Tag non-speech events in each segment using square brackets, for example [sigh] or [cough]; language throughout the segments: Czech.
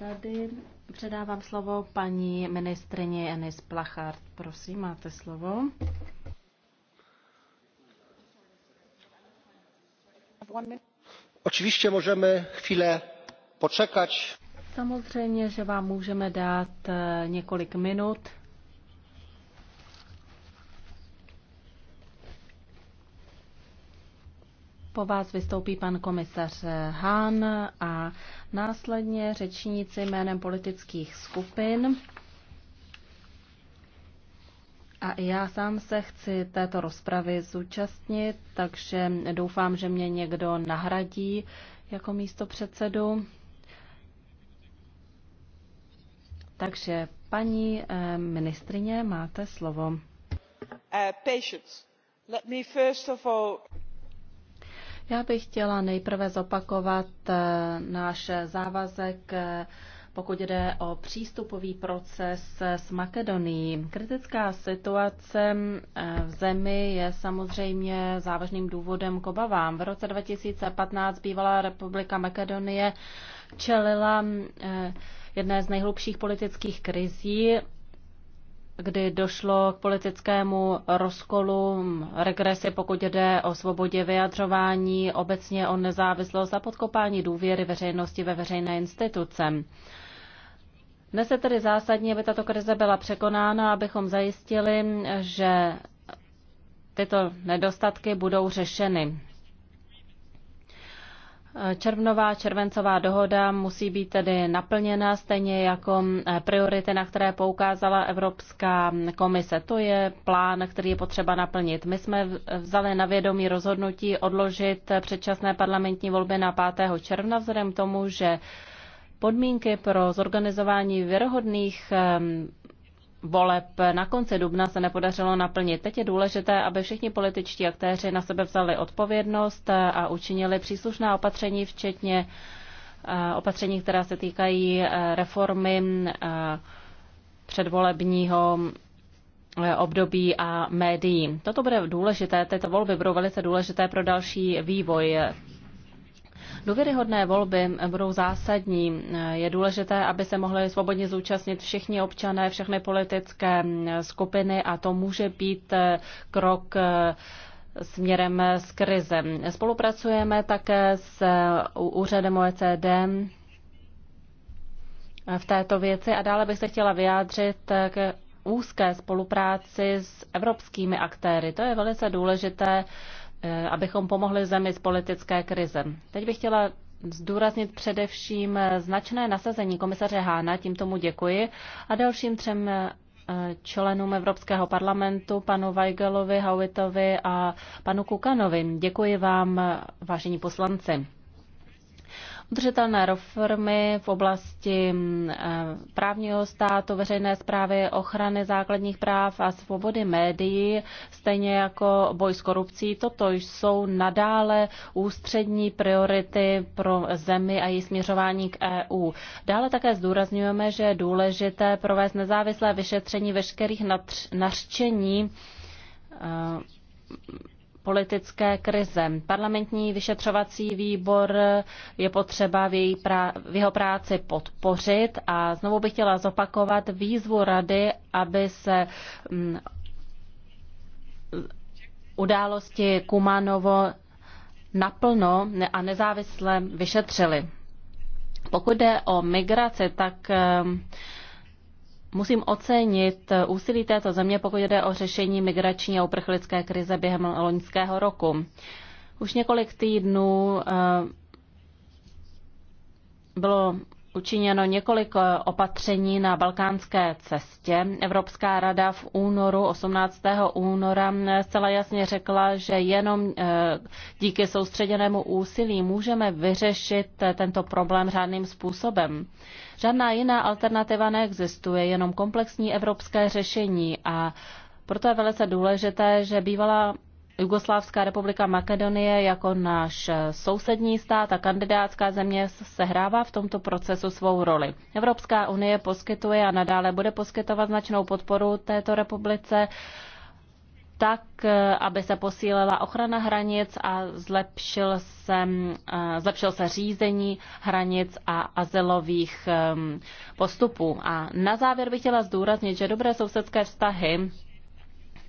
rady. Předávám slovo paní ministrině Enis Plachard. Prosím, máte slovo. Oczywiście możemy chwilę poczekać. Samozřejmě, že vám můžeme dát eh, několik minut. Po vás vystoupí pan komisař Hahn a následně řečníci jménem politických skupin. A já sám se chci této rozpravy zúčastnit, takže doufám, že mě někdo nahradí jako místo předsedu. Takže paní eh, ministrině, máte slovo. Uh, patience. Let me first of all... Já bych chtěla nejprve zopakovat eh, náš závazek eh, pokud jde o přístupový proces eh, s Makedonií. Kritická situace v zemi je samozřejmě závažným důvodem k obavám. V roce 2015 bývalá republika Makedonie čelila jedné z nejhlubších politických krizí kdy došlo k politickému rozkolu, regresi, pokud jde o svobodě vyjadřování, obecně o nezávislost a podkopání důvěry veřejnosti ve veřejné instituce. Dnes je tedy zásadní, aby tato krize byla překonána, abychom zajistili, že tyto nedostatky budou řešeny. Červnová, červencová dohoda musí být tedy naplněna, stejně jako eh, priority, na které poukázala Evropská komise. To je plán, který je potřeba naplnit. My jsme vzali na vědomí rozhodnutí odložit předčasné parlamentní volby na 5. června, vzhledem tomu, že podmínky pro zorganizování věrohodných ehm, voleb na konci dubna se nepodařilo naplnit. Teď je důležité, aby všichni političtí aktéři na sebe vzali odpovědnost a učinili příslušná opatření, včetně eh, opatření, která se týkají eh, reformy eh, předvolebního období a médií. Toto bude důležité, tyto volby budou velice důležité pro další vývoj. Důvěryhodné volby budou zásadní. Je důležité, aby se mohli svobodně zúčastnit všichni občané, všechny politické skupiny a to může být eh, krok eh, směrem s krizem. Spolupracujeme také s eh, úřadem OECD v této věci a dále bych se chtěla vyjádřit k úzké spolupráci s evropskými aktéry. To je velice důležité Eh, abychom pomohli zemi z politické krize. Teď bych chtěla zdůraznit především eh, značné nasazení komisaře Hána, tím tomu děkuji, a dalším třem eh, členům Evropského parlamentu, panu Weigelovi, Howitovi a panu Kukanovi. Děkuji vám, vážení poslanci udržitelné reformy v oblasti mm, eh, právního státu, veřejné zprávy, ochrany základních práv a svobody médií, stejně jako boj s korupcí. Toto jsou nadále ústřední priority pro zemi a její směřování k EU. Dále také zdůrazňujeme, že je důležité provést nezávislé vyšetření veškerých nařčení eh, politické krize. Parlamentní vyšetřovací výbor je potřeba v, její prá- v jeho práci podpořit a znovu bych chtěla zopakovat výzvu rady, aby se mm, události Kumanovo naplno a nezávisle vyšetřily. Pokud jde o migraci, tak Musím ocenit úsilí této země, pokud jde o řešení migrační a uprchlické krize během loňského roku. Už několik týdnů eh, bylo učiněno několik eh, opatření na balkánské cestě. Evropská rada v únoru, 18. února, zcela jasně řekla, že jenom eh, díky soustředěnému úsilí můžeme vyřešit tento problém řádným způsobem. Žádná jiná alternativa neexistuje, jenom komplexní evropské řešení a proto je velice důležité, že bývalá Jugoslávská republika Makedonie jako náš sousední stát a kandidátská země sehrává v tomto procesu svou roli. Evropská unie poskytuje a nadále bude poskytovat značnou podporu této republice tak, eh, aby se posílila ochrana hranic a zlepšil se, eh, zlepšil se řízení hranic a azylových ehm, postupů. A na závěr bych chtěla zdůraznit, že dobré sousedské vztahy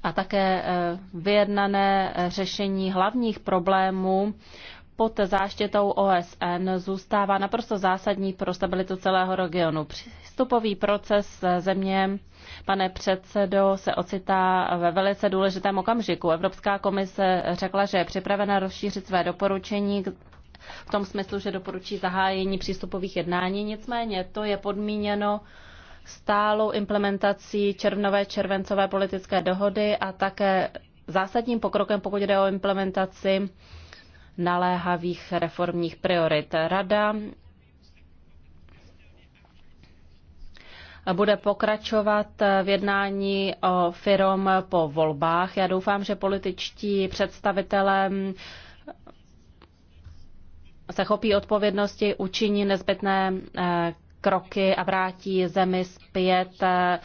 a také eh, vyjednané řešení hlavních problémů pod záštětou OSN zůstává naprosto zásadní pro stabilitu celého regionu. Přístupový proces země, pane předsedo, se ocitá ve velice důležitém okamžiku. Evropská komise řekla, že je připravena rozšířit své doporučení v tom smyslu, že doporučí zahájení přístupových jednání. Nicméně to je podmíněno stálou implementací červnové červencové politické dohody a také zásadním pokrokem, pokud jde o implementaci naléhavých reformních priorit. Rada bude pokračovat v jednání o firom po volbách. Já doufám, že političtí představitelé se chopí odpovědnosti, učiní nezbytné eh, kroky a vrátí zemi zpět eh,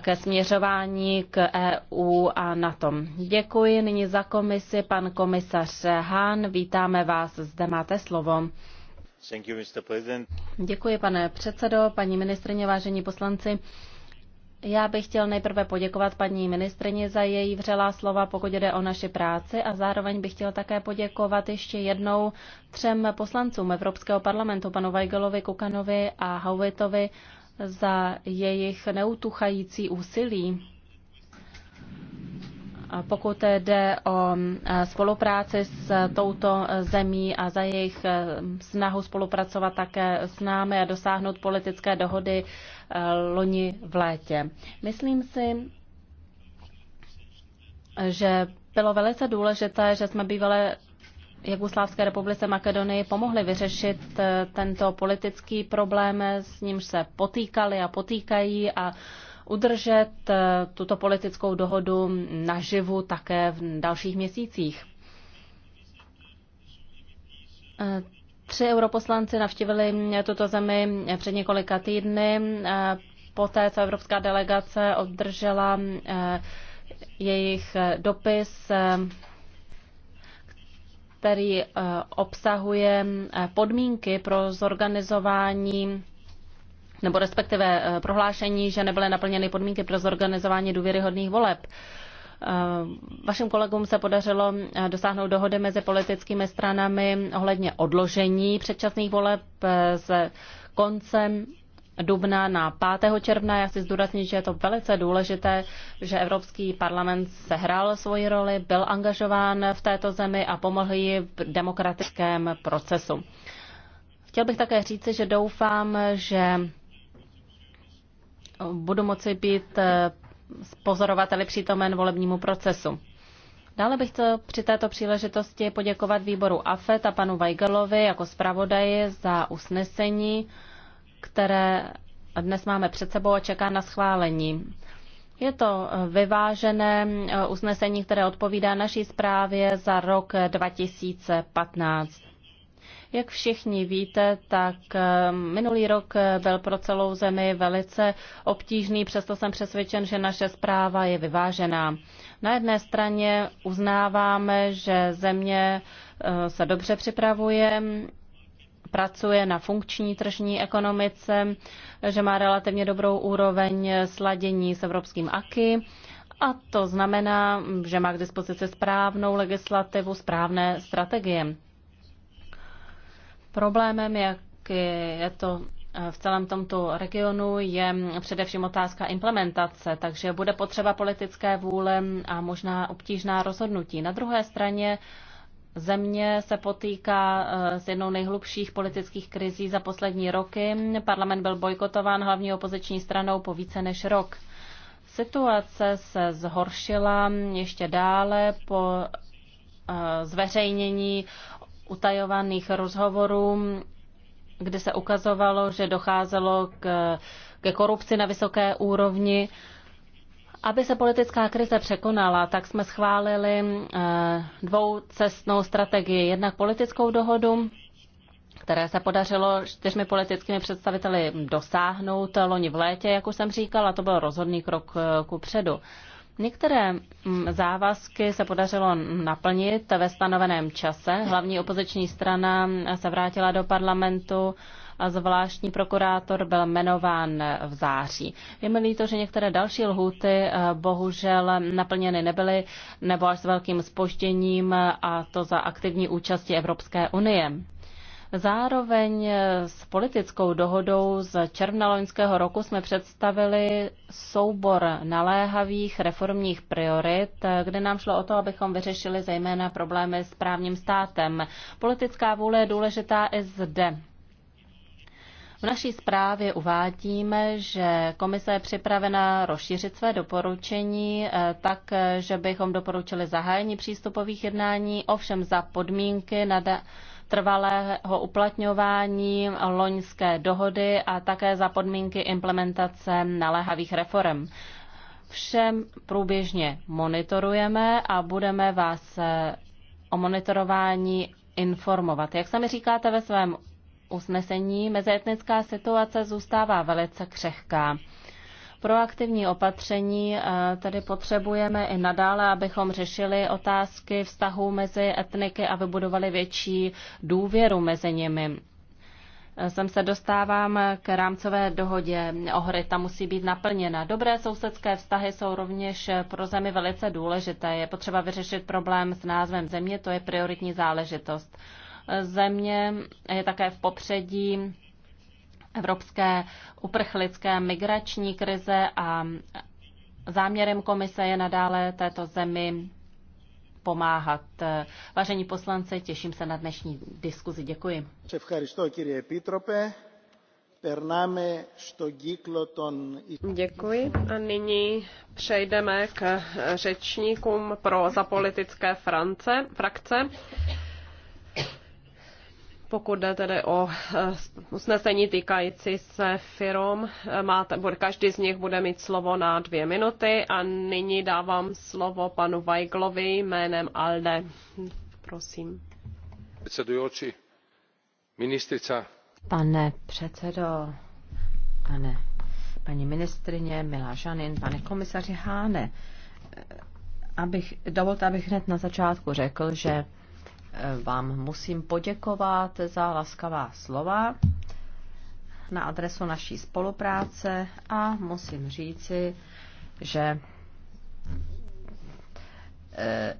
ke směřování k EU a na tom. Děkuji nyní za komisi, pan komisař Hahn, vítáme vás, zde máte slovo. You, Děkuji, pane předsedo, paní ministrině, vážení poslanci. Já bych chtěl nejprve poděkovat paní ministrině za její vřelá slova, pokud jde o naši práci a zároveň bych chtěl také poděkovat ještě jednou třem poslancům Evropského parlamentu, panu Weigelovi, Kukanovi a Howitovi za jejich neutuchající úsilí. Pokud jde o spolupráci s touto zemí a za jejich snahu spolupracovat také s námi a dosáhnout politické dohody loni v létě. Myslím si, že bylo velice důležité, že jsme bývalé Jugoslávské republice Makedonii pomohli vyřešit eh, tento politický problém, s nímž se potýkali a potýkají a udržet eh, tuto politickou dohodu naživu také v dalších měsících. Eh, tři europoslanci navštívili tuto zemi před několika týdny, poté co evropská delegace obdržela jejich dopis který eh, obsahuje eh, podmínky pro zorganizování nebo respektive eh, prohlášení, že nebyly naplněny podmínky pro zorganizování důvěryhodných voleb. Vašim kolegům se podařilo dosáhnout dohody mezi politickými stranami ohledně odložení předčasných voleb z koncem dubna na 5. června. Já chci zdůraznit, že je to velice důležité, že Evropský parlament sehrál svoji roli, byl angažován v této zemi a pomohl ji v demokratickém procesu. Chtěl bych také říci, že doufám, že budu moci být eh, pozorovateli přítomen volebnímu procesu. Dále bych chtěl při této příležitosti poděkovat výboru AFET a panu Weigelovi jako zpravodaji za usnesení, které dnes máme před sebou a čeká na schválení. Je to vyvážené eh, usnesení, které odpovídá naší zprávě za rok 2015. Eh, Jak všichni víte, tak eh, minulý rok byl pro celou zemi velice obtížný, přesto jsem přesvědčen, že naše zpráva je vyvážená. Na jedné straně uznáváme, že země se dobře připravuje pracuje na funkční tržní ekonomice, že má relativně dobrou úroveň sladění s evropským AKI. A to znamená, že má k dispozici správnou legislativu, správné strategie. Problémem, jak je to v celém tomto regionu je především otázka implementace, takže bude potřeba politické vůle a možná obtížná rozhodnutí. Na druhé straně Země se potýká eh, s jednou nejhlubších politických krizí za poslední roky. Parlament byl bojkotován hlavní opoziční stranou po více než rok. Situace se zhoršila ještě dále po eh, zveřejnění utajovaných rozhovorů, kde se ukazovalo, že docházelo k, ke korupci na vysoké úrovni. Aby se politická krize překonala, tak jsme schválili eh, dvoucestnou strategii. Jednak politickou dohodu, které se podařilo čtyřmi politickými představiteli dosáhnout loni v létě, jak už jsem říkala, to byl rozhodný krok eh, ku předu. Některé mm, závazky se podařilo naplnit ve stanoveném čase. Hlavní opoziční strana se vrátila do parlamentu a zvláštní prokurátor byl jmenován v září. Je mi líto, že některé další lhuty eh, bohužel naplněny nebyly nebo až s velkým spožděním a to za aktivní účasti Evropské unie. Zároveň eh, s politickou dohodou z června loňského roku jsme představili soubor naléhavých reformních priorit, eh, kde nám šlo o to, abychom vyřešili zejména problémy s právním státem. Politická vůle je důležitá i zde. V naší zprávě uvádíme, že komise je připravena rozšířit své doporučení eh, tak, eh, že bychom doporučili zahájení přístupových jednání, ovšem za podmínky nada trvalého uplatňování loňské dohody a také za podmínky implementace naléhavých reform. Všem průběžně monitorujeme a budeme vás eh, o monitorování informovat. Jak sami říkáte ve svém usnesení, mezietnická situace zůstává velice křehká. Proaktivní opatření eh, tedy potřebujeme i nadále, abychom řešili otázky vztahů mezi etniky a vybudovali větší důvěru mezi nimi eh, sem se dostávám k rámcové dohodě. Ohry ta musí být naplněna. Dobré sousedské vztahy jsou rovněž pro zemi velice důležité. Je potřeba vyřešit problém s názvem země, to je prioritní záležitost země je také v popředí evropské uprchlické migrační krize a záměrem komise je nadále této zemi pomáhat. Vážení poslanci, těším se na dnešní diskuzi. Děkuji. Děkuji a nyní přejdeme k řečníkům pro zapolitické France, frakce. Pokud jde tedy o eh, usnesení týkající se firm, eh, máte, každý z nich bude mít slovo na dvě minuty a nyní dávám slovo panu Vajglovi jménem ALDE. Prosím. Předsedující, ministrica. Pane předsedo, pane, paní ministrině, milá Žanin, pane komisaři Háne, eh, abych, dovolte, abych hned na začátku řekl, že vám musím poděkovat za laskavá slova na adresu naší spolupráce a musím říci, že e,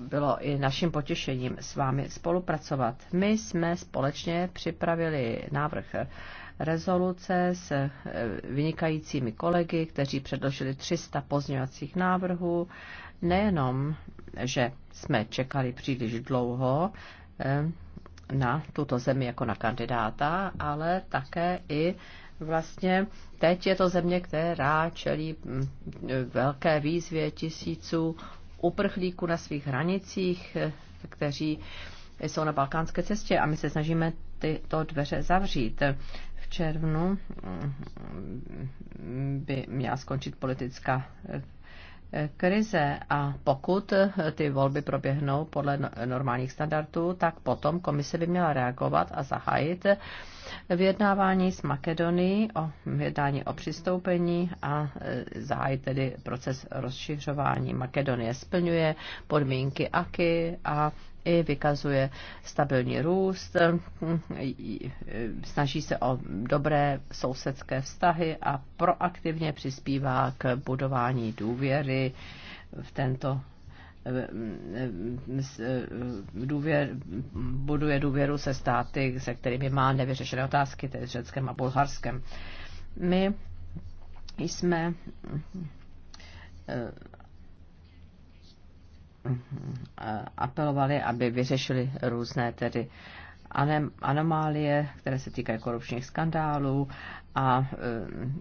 bylo i naším potěšením s vámi spolupracovat. My jsme společně připravili návrh rezoluce s e, vynikajícími kolegy, kteří předložili 300 pozměňovacích návrhů, nejenom že jsme čekali příliš dlouho eh, na tuto zemi jako na kandidáta, ale také i vlastně teď je to země, která čelí hm, velké výzvě tisíců uprchlíků na svých hranicích, eh, kteří jsou na balkánské cestě a my se snažíme tyto dveře zavřít. V červnu hm, hm, by měla skončit politická eh, krize a pokud ty volby proběhnou podle no- normálních standardů, tak potom komise by měla reagovat a zahájit vyjednávání s Makedonií o vyjednání o přistoupení a e, zahájit tedy proces rozšiřování. Makedonie splňuje podmínky AKY a i vykazuje stabilní růst, snaží se o dobré sousedské vztahy a proaktivně přispívá k budování důvěry v tento důvěr, buduje důvěru se státy, se kterými má nevyřešené otázky, tedy s Řeckem a Bulharskem. My jsme apelovali, aby vyřešili různé tedy anomálie, které se týkají korupčních skandálů a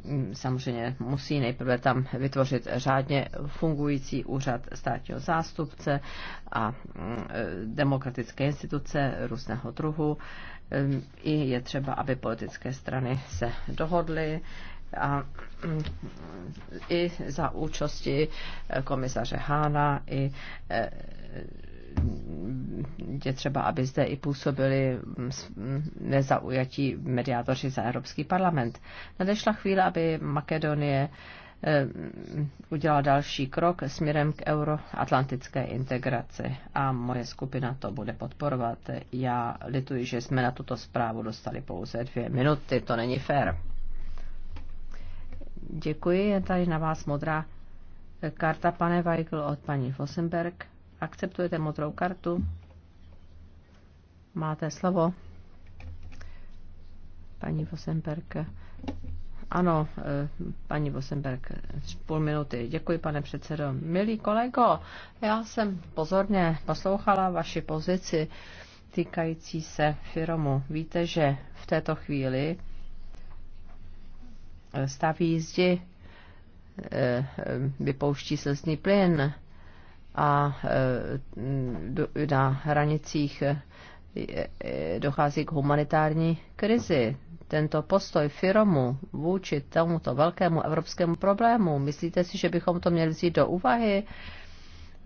mm, samozřejmě musí nejprve tam vytvořit řádně fungující úřad státního zástupce a mm, demokratické instituce různého druhu. Ehm, I je třeba, aby politické strany se dohodly, a mm, i za účasti e, komisaře Hána, i e, je třeba, aby zde i působili mm, mm, nezaujatí mediátoři za Evropský parlament. Nadešla chvíle, aby Makedonie e, udělala další krok směrem k euroatlantické integraci a moje skupina to bude podporovat. Já lituji, že jsme na tuto zprávu dostali pouze dvě minuty, to není fér. Děkuji, je tady na vás modrá karta, pane Weigl, od paní Fosenberg. Akceptujete modrou kartu? Máte slovo. Paní Fosenberg. Ano, eh, paní Vosenberg, půl minuty. Děkuji, pane předsedo. Milý kolego, já jsem pozorně poslouchala vaši pozici týkající se firmu. Víte, že v této chvíli staví jízdy, eh, vypouští slzný plyn a eh, na hranicích eh, dochází k humanitární krizi. Tento postoj Firomu vůči tomuto velkému evropskému problému, myslíte si, že bychom to měli vzít do úvahy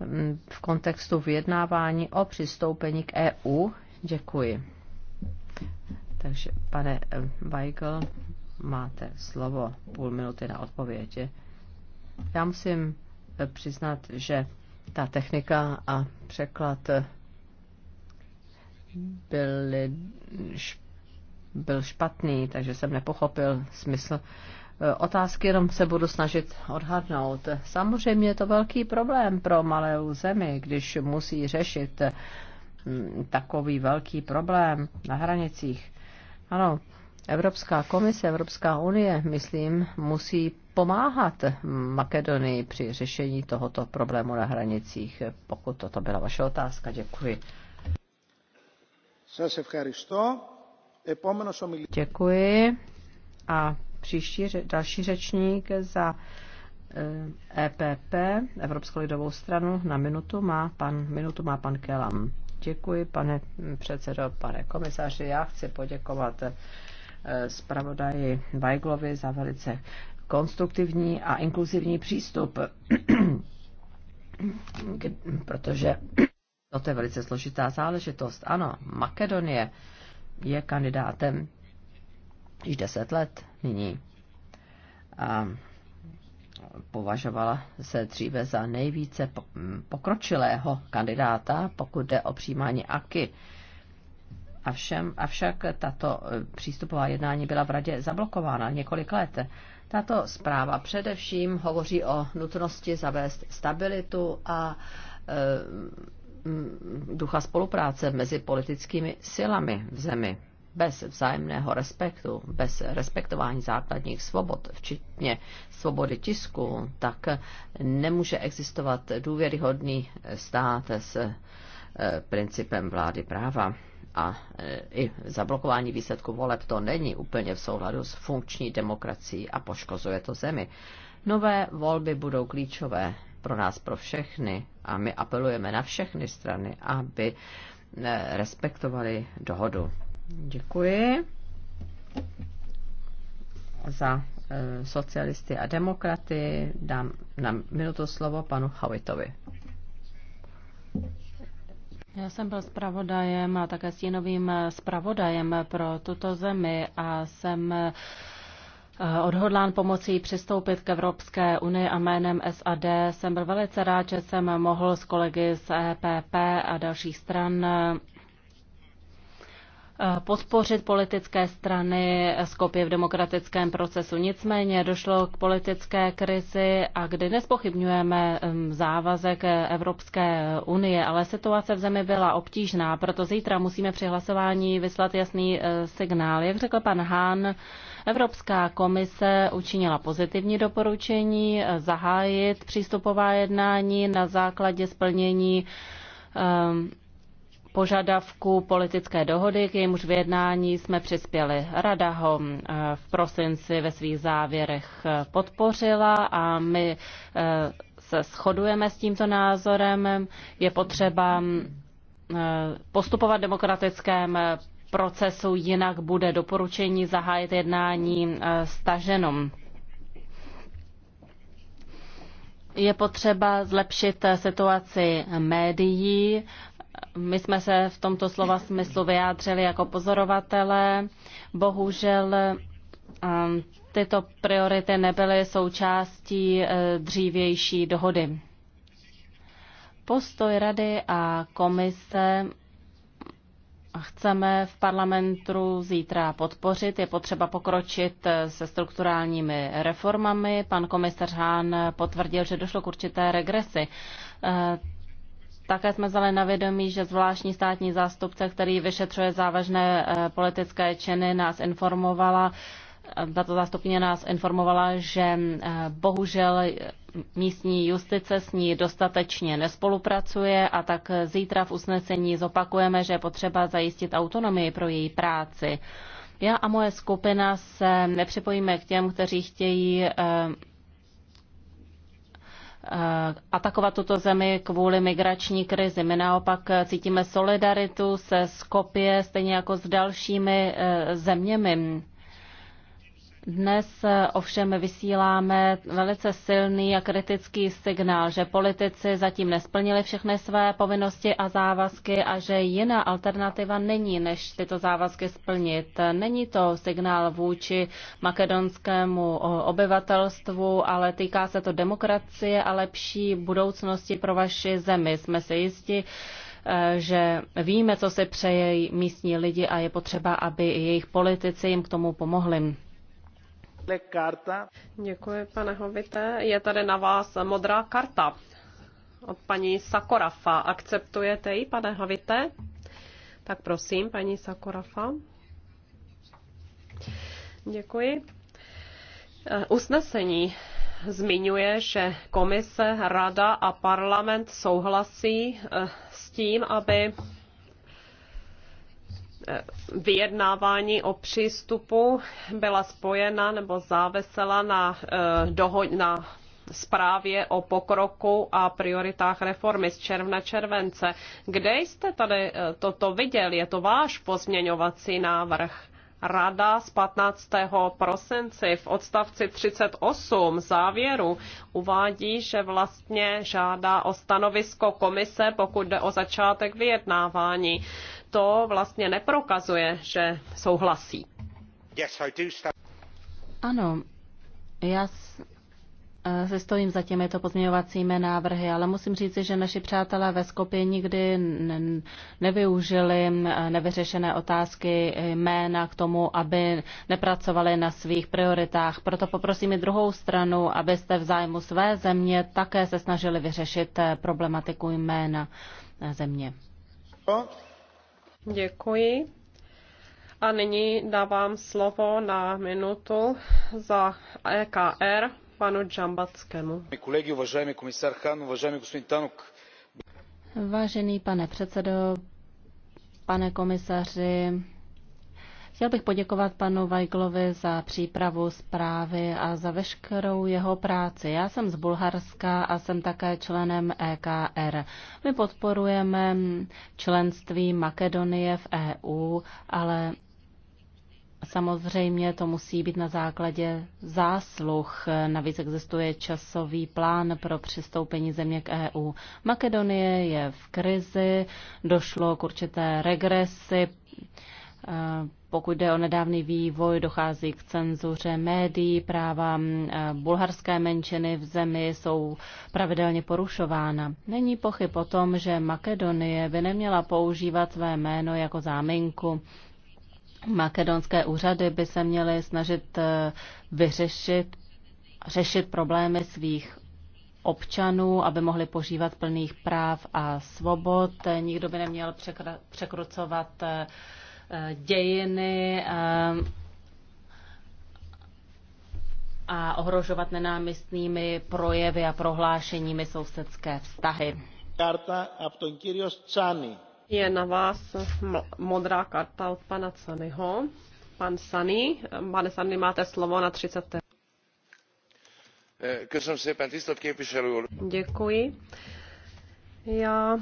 mm, v kontextu vyjednávání o přistoupení k EU? Děkuji. Takže, pane Weigl, máte slovo, půl minuty na odpověď. Já musím eh, přiznat, že ta technika a překlad eh, byly, byl špatný, takže jsem nepochopil smysl eh, otázky, jenom se budu snažit odhadnout. Samozřejmě je to velký problém pro malou zemi, když musí řešit mm, takový velký problém na hranicích. Ano, Evropská komise, Evropská unie, myslím, musí pomáhat Makedonii při řešení tohoto problému na hranicích. Pokud toto byla vaše otázka, děkuji. Děkuji. A příští další řečník za EPP, eh, e Evropskou lidovou stranu, na minutu má pan, minutu má pan Kelam. Děkuji, pane předsedo, pane komisaři. Já chci poděkovat zpravodaji Weiglovi za velice konstruktivní a inkluzivní přístup, protože to je velice složitá záležitost. Ano, Makedonie je kandidátem již deset let nyní. A považovala se dříve za nejvíce pokročilého kandidáta, pokud jde o přijímání AKY Avšem, avšak tato eh, přístupová jednání byla v radě zablokována několik let. Tato zpráva především hovoří o nutnosti zavést stabilitu a e, ducha spolupráce mezi politickými silami v zemi. Bez vzájemného respektu, bez respektování základních svobod, včetně svobody tisku, tak nemůže existovat důvěryhodný stát s eh, principem vlády práva a e, i zablokování výsledku voleb to není úplně v souhladu s funkční demokracií a poškozuje to zemi. Nové volby budou klíčové pro nás, pro všechny a my apelujeme na všechny strany, aby e, respektovali dohodu. Děkuji za e, socialisty a demokraty. Dám na minutu slovo panu Hawitovi. Já jsem byl zpravodajem a také stínovým zpravodajem pro tuto zemi a jsem eh, odhodlán pomocí přistoupit k Evropské unii a jménem SAD jsem byl velice rád, že jsem mohl s kolegy z EPP a dalších stran Eh, podpořit politické strany Skopje v demokratickém procesu. Nicméně došlo k politické krizi a kdy nespochybňujeme závazek Evropské unie, ale situace v zemi byla obtížná, proto zítra musíme při hlasování vyslat jasný eh, signál. Jak řekl pan Hán, Evropská komise učinila pozitivní doporučení eh, zahájit přístupová jednání na základě splnění um, požadavku politické dohody, k jejímuž vyjednání jsme přispěli. Rada ho eh, v prosinci ve svých závěrech eh, podpořila a my eh, se shodujeme s tímto názorem. Je potřeba postupovat v demokratickém procesu, jinak bude doporučení zahájit jednání staženom. Je potřeba zlepšit situaci médií, my jsme se v tomto slova smyslu vyjádřili jako pozorovatelé. Bohužel um, tyto priority nebyly součástí eh, dřívější dohody. Postoj Rady a komise chceme v parlamentu zítra podpořit. Je potřeba pokročit eh, se strukturálními reformami. Pan komisař Hán potvrdil, že došlo k určité regresi. Eh, také jsme vzali na vědomí, že zvláštní státní zástupce, který vyšetřuje závažné eh, politické činy, nás informovala, eh, tato zástupně nás informovala, že eh, bohužel místní justice s ní dostatečně nespolupracuje a tak zítra v usnesení zopakujeme, že je potřeba zajistit autonomii pro její práci. Já a moje skupina se nepřipojíme k těm, kteří chtějí Eh, atakovat tuto zemi kvůli migrační krizi. My naopak cítíme solidaritu se Skopje, stejně jako s dalšími eh, zeměmi dnes eh, ovšem vysíláme velice silný a kritický signál, že politici zatím nesplnili všechny své povinnosti a závazky a že jiná alternativa není, než tyto závazky splnit. Není to signál vůči makedonskému eh, obyvatelstvu, ale týká se to demokracie a lepší budoucnosti pro vaši zemi. Jsme si jisti, eh, že víme, co se přeje místní lidi a je potřeba, aby jejich politici jim k tomu pomohli. Děkuji, pane Hovite. Je tady na vás modrá karta od paní Sakorafa. Akceptujete ji, pane Hovite? Tak prosím, paní Sakorafa. Děkuji. Eh, usnesení zmiňuje, že komise, rada a parlament souhlasí eh, s tím, aby Eh, vyjednávání o přístupu byla spojena nebo závesela na, eh, na zprávě o pokroku a prioritách reformy z června července. Kde jste tady eh, toto viděl? Je to váš pozměňovací návrh? Rada z 15. prosince v odstavci 38 závěru uvádí, že vlastně žádá o stanovisko komise, pokud jde o začátek vyjednávání to vlastně neprokazuje, že souhlasí. Ano, já eh, se stojím za těmito pozměňovacími návrhy, ale musím říci, že naši přátelé ve Skopě nikdy nevyužili nevyřešené otázky eh, jména k tomu, aby nepracovali na svých prioritách. Proto poprosím i druhou stranu, abyste v zájmu své země také se snažili vyřešit eh, problematiku jména země. Děkuji. A nyní dávám slovo na minutu za EKR panu Džambackému. Kolegy, uvažujeme komisar Han, uvažujeme господин Tanuk. Vážený pane předsedo, pane komisaři, Chtěl bych poděkovat panu Vajglovi za přípravu zprávy a za veškerou jeho práci. Já jsem z Bulharska a jsem také členem EKR. My podporujeme členství Makedonie v EU, ale Samozřejmě to musí být na základě zásluh. Navíc existuje časový plán pro přistoupení země k EU. Makedonie je v krizi, došlo k určité regresi pokud jde o nedávný vývoj, dochází k cenzuře médií, práva bulharské menšiny v zemi jsou pravidelně porušována. Není pochyb o tom, že Makedonie by neměla používat své jméno jako záminku. Makedonské úřady by se měly snažit e, vyřešit řešit problémy svých občanů, aby mohli požívat plných práv a svobod. Nikdo by neměl překrucovat e, Eh, dějiny eh, a ohrožovat nenámistnými projevy a prohlášeními sousedské vztahy. Je na vás modrá karta od pana Canyho. Pan Sany, pane Sany, máte slovo na 30. Děkuji. Já,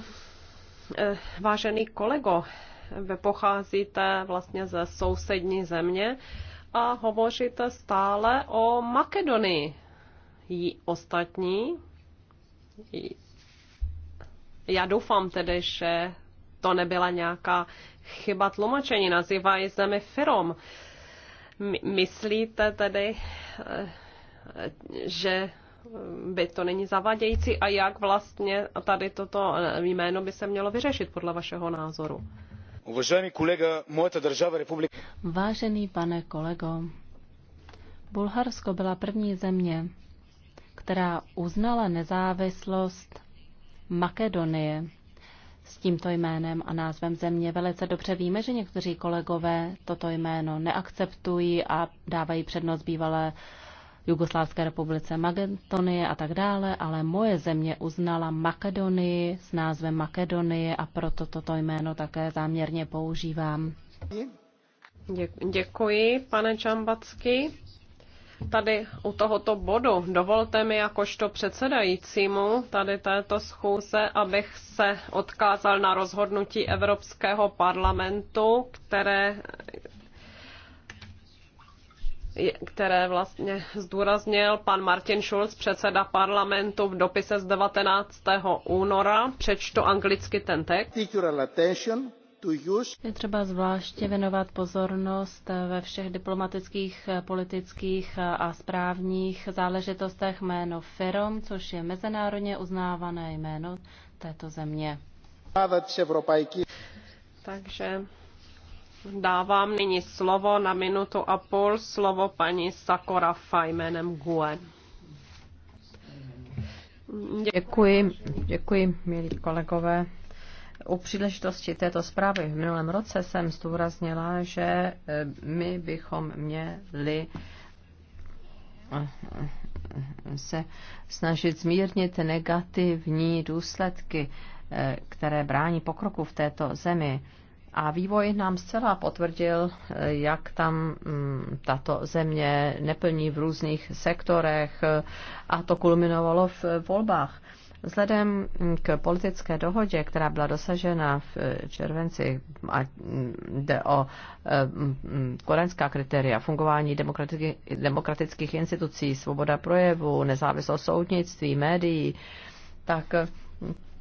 eh, vážený kolego, vy pocházíte vlastně ze sousední země a hovoříte stále o Makedonii. Jí ostatní. Já doufám tedy, že to nebyla nějaká chyba tlumočení. Nazývají zemi Firom. Myslíte tedy, eh, že eh, by to není zavadějící a jak vlastně tady toto eh, jméno by se mělo vyřešit podle vašeho názoru? Vážený pane kolego, Bulharsko byla první země, která uznala nezávislost Makedonie s tímto jménem a názvem země. Velice dobře víme, že někteří kolegové toto jméno neakceptují a dávají přednost bývalé Jugoslávské republice Magentonie a tak dále, ale moje země uznala Makedonii s názvem Makedonie a proto toto jméno také záměrně používám. Děkuji, pane Čambacky. Tady u tohoto bodu dovolte mi jakožto předsedajícímu tady této schůze, abych se odkázal na rozhodnutí Evropského parlamentu, které které vlastně zdůraznil pan Martin Schulz, předseda parlamentu v dopise z 19. února. Přečtu anglicky ten text. Je třeba zvláště věnovat pozornost ve všech diplomatických, politických a správních záležitostech jméno FIROM, což je mezinárodně uznávané jméno této země. Takže Dávám nyní slovo na minutu a půl slovo paní Sakora Fajmenem GUE. Děkuji, děkuji, milí kolegové. U příležitosti této zprávy v minulém roce jsem zdůraznila, že eh, my bychom měli eh, se snažit zmírnit negativní důsledky, eh, které brání pokroku v této zemi a vývoj nám zcela potvrdil, jak tam mm, tato země neplní v různých sektorech a to kulminovalo v volbách. Vzhledem k politické dohodě, která byla dosažena v červenci, a jde o mm, korenská kritéria, fungování demokratických, demokratických institucí, svoboda projevu, nezávislost soudnictví, médií, tak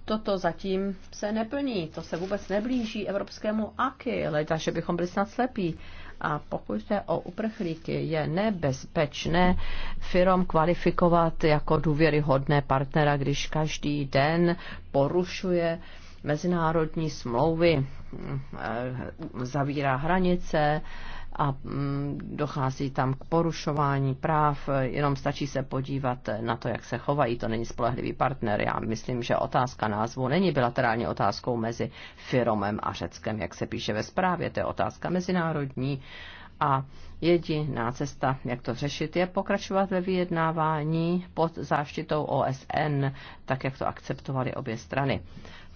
toto zatím se neplní, to se vůbec neblíží evropskému AKI, leda, že bychom byli snad slepí. A pokud jde o uprchlíky, je nebezpečné firom kvalifikovat jako důvěryhodné partnera, když každý den porušuje mezinárodní smlouvy, eh, zavírá hranice, a mm, dochází tam k porušování práv, jenom stačí se podívat na to, jak se chovají, to není spolehlivý partner. Já myslím, že otázka názvu není bilaterální otázkou mezi Firomem a Řeckem, jak se píše ve zprávě, to je otázka mezinárodní a jediná cesta, jak to řešit, je pokračovat ve vyjednávání pod záštitou OSN, tak jak to akceptovaly obě strany.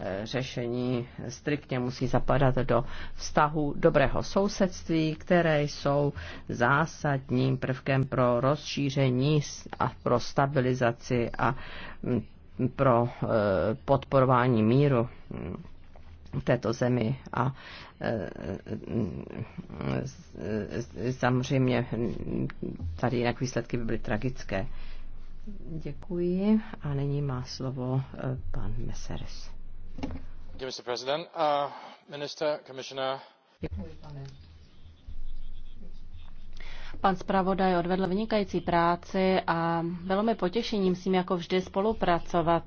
Eh, řešení striktně musí zapadat do vztahu dobrého sousedství, které jsou zásadním prvkem pro rozšíření a pro stabilizaci a mm, pro eh, podporování míru mm, v této zemi a eh, mm, samozřejmě tady jinak výsledky by byly tragické. Děkuji a nyní má slovo pan Meseres. Uh, Pan zpravodaj odvedl vynikající práci a bylo mi potěšením s ním jako vždy spolupracovat.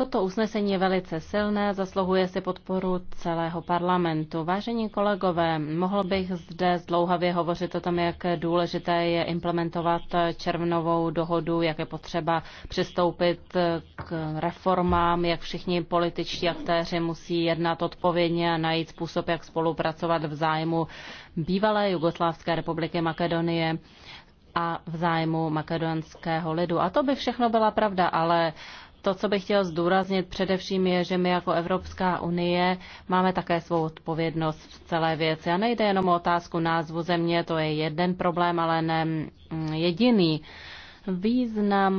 Toto usnesení je velice silné, zasluhuje si podporu celého parlamentu. Vážení kolegové, mohl bych zde zdlouhavě hovořit o tom, jak důležité je implementovat červnovou dohodu, jak je potřeba přistoupit k reformám, jak všichni političtí aktéři musí jednat odpovědně a najít způsob, jak spolupracovat v zájmu bývalé Jugoslávské republiky Makedonie a v zájmu makedonského lidu. A to by všechno byla pravda, ale to, co bych chtěl zdůraznit především, je, že my jako Evropská unie máme také svou odpovědnost v celé věci. A nejde jenom o otázku názvu země, to je jeden problém, ale ne mm, jediný. Význam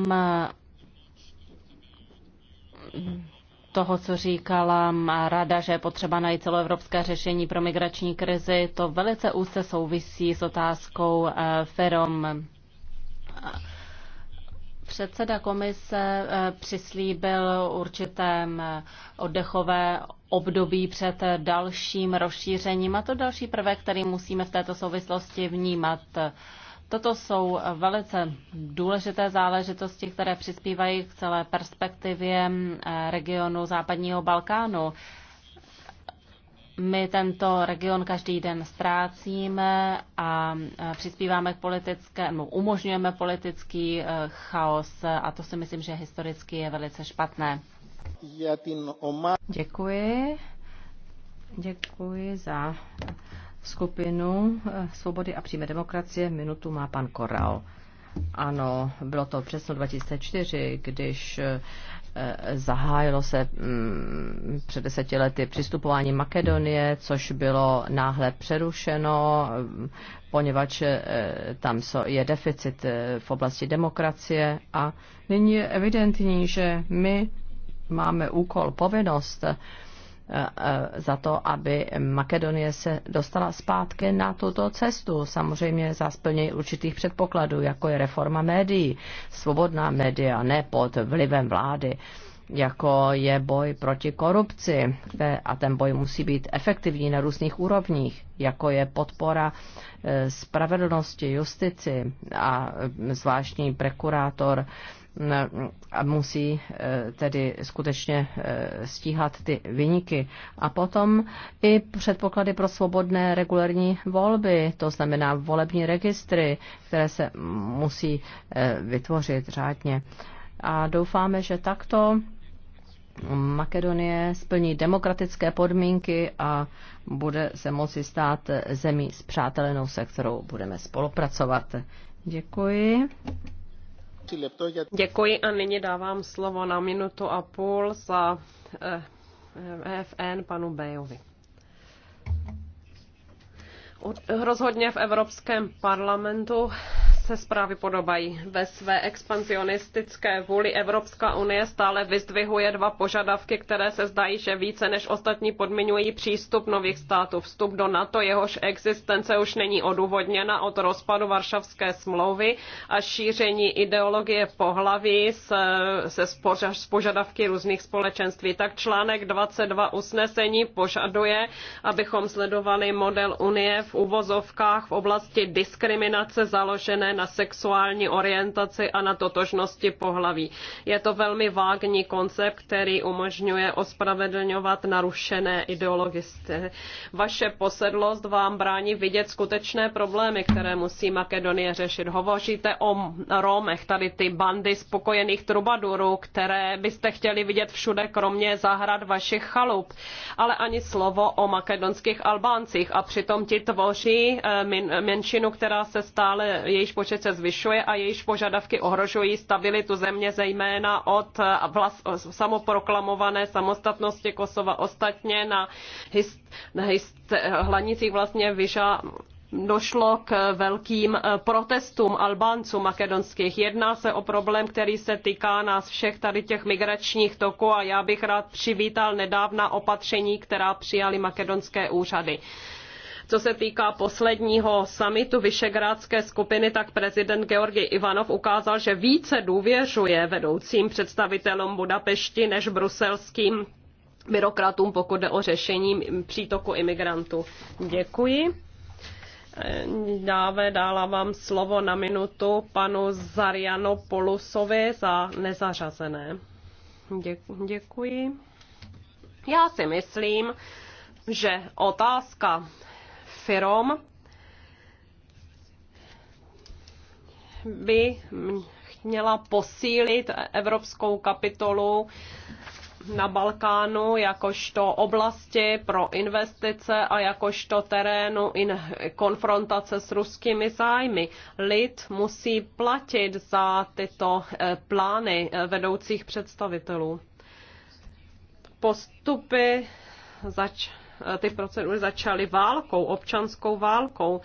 mm, toho, co říkala rada, že je potřeba najít celoevropské řešení pro migrační krizi, to velice úzce souvisí s otázkou eh, firm Předseda komise eh, přislíbil určitém eh, oddechové období před eh, dalším rozšířením a to další prvek, který musíme v této souvislosti vnímat. Toto jsou velice důležité záležitosti, které přispívají k celé perspektivě regionu západního Balkánu my tento region každý den ztrácíme a přispíváme k politické, no, umožňujeme politický eh, chaos a to si myslím, že historicky je velice špatné. Děkuji. Děkuji za skupinu eh, Svobody a přímé demokracie. Minutu má pan Koral. Ano, bylo to přesno 2004, když eh, Eh, zahájilo se mm, před deseti lety přistupování Makedonie, což bylo náhle přerušeno, mm, poněvadž eh, tam je deficit eh, v oblasti demokracie a nyní je evidentní, že my máme úkol, povinnost Eh, za to, aby Makedonie se dostala zpátky na tuto cestu. Samozřejmě za splnění určitých předpokladů, jako je reforma médií, svobodná média, ne pod vlivem vlády jako je boj proti korupci. A ten boj musí být efektivní na různých úrovních, jako je podpora eh, spravedlnosti, justici a eh, zvláštní prekurátor a musí eh, tedy skutečně eh, stíhat ty vyniky. A potom i předpoklady pro svobodné regulární volby, to znamená volební registry, které se musí eh, vytvořit řádně. A doufáme, že takto Makedonie splní demokratické podmínky a bude se moci stát zemí s přátelenou, se kterou budeme spolupracovat. Děkuji. Děkuji a nyní dávám slovo na minutu a půl za eh, FN panu Bejovi. Rozhodně v Evropském parlamentu se zprávy podobají. Ve své expansionistické vůli Evropská unie stále vyzdvihuje dva požadavky, které se zdají, že více než ostatní podmiňují přístup nových států. Vstup do NATO, jehož existence už není odůvodněna od rozpadu Varšavské smlouvy a šíření ideologie pohlaví se, se z požadavky různých společenství. Tak článek 22 usnesení požaduje, abychom sledovali model Unie v uvozovkách v oblasti diskriminace založené na sexuální orientaci a na totožnosti pohlaví. Je to velmi vágní koncept, který umožňuje ospravedlňovat narušené ideologisty. Vaše posedlost vám brání vidět skutečné problémy, které musí Makedonie řešit. Hovoříte o Romech, tady ty bandy spokojených trubadurů, které byste chtěli vidět všude, kromě zahrad vašich chalup. Ale ani slovo o makedonských Albáncích a přitom ti tvoří eh, menšinu, která se stále, jejíž rozpočet se zvyšuje a jejíž požadavky ohrožují stabilitu země, zejména od samoproklamované samostatnosti Kosova. Ostatně na, hist, na hist, hranicích vlastně vyža, došlo k velkým eh, protestům Albánců makedonských. Jedná se o problém, který se týká nás všech tady těch migračních toků a já bych rád přivítal nedávna opatření, která přijali makedonské úřady. Co se týká posledního samitu Vyšegrádské skupiny, tak prezident Georgi Ivanov ukázal, že více důvěřuje vedoucím představitelům Budapešti než bruselským byrokratům, pokud jde o řešení přítoku imigrantů. Děkuji. Dáve, dála vám slovo na minutu panu Zariano Polusovi za nezařazené. Děkuji. Já si myslím, že otázka firm by měla posílit evropskou kapitolu na Balkánu jakožto oblasti pro investice a jakožto terénu in konfrontace s ruskými zájmy. Lid musí platit za tyto eh, plány eh, vedoucích představitelů. Postupy zač- Eh, ty procedury začaly válkou, občanskou válkou,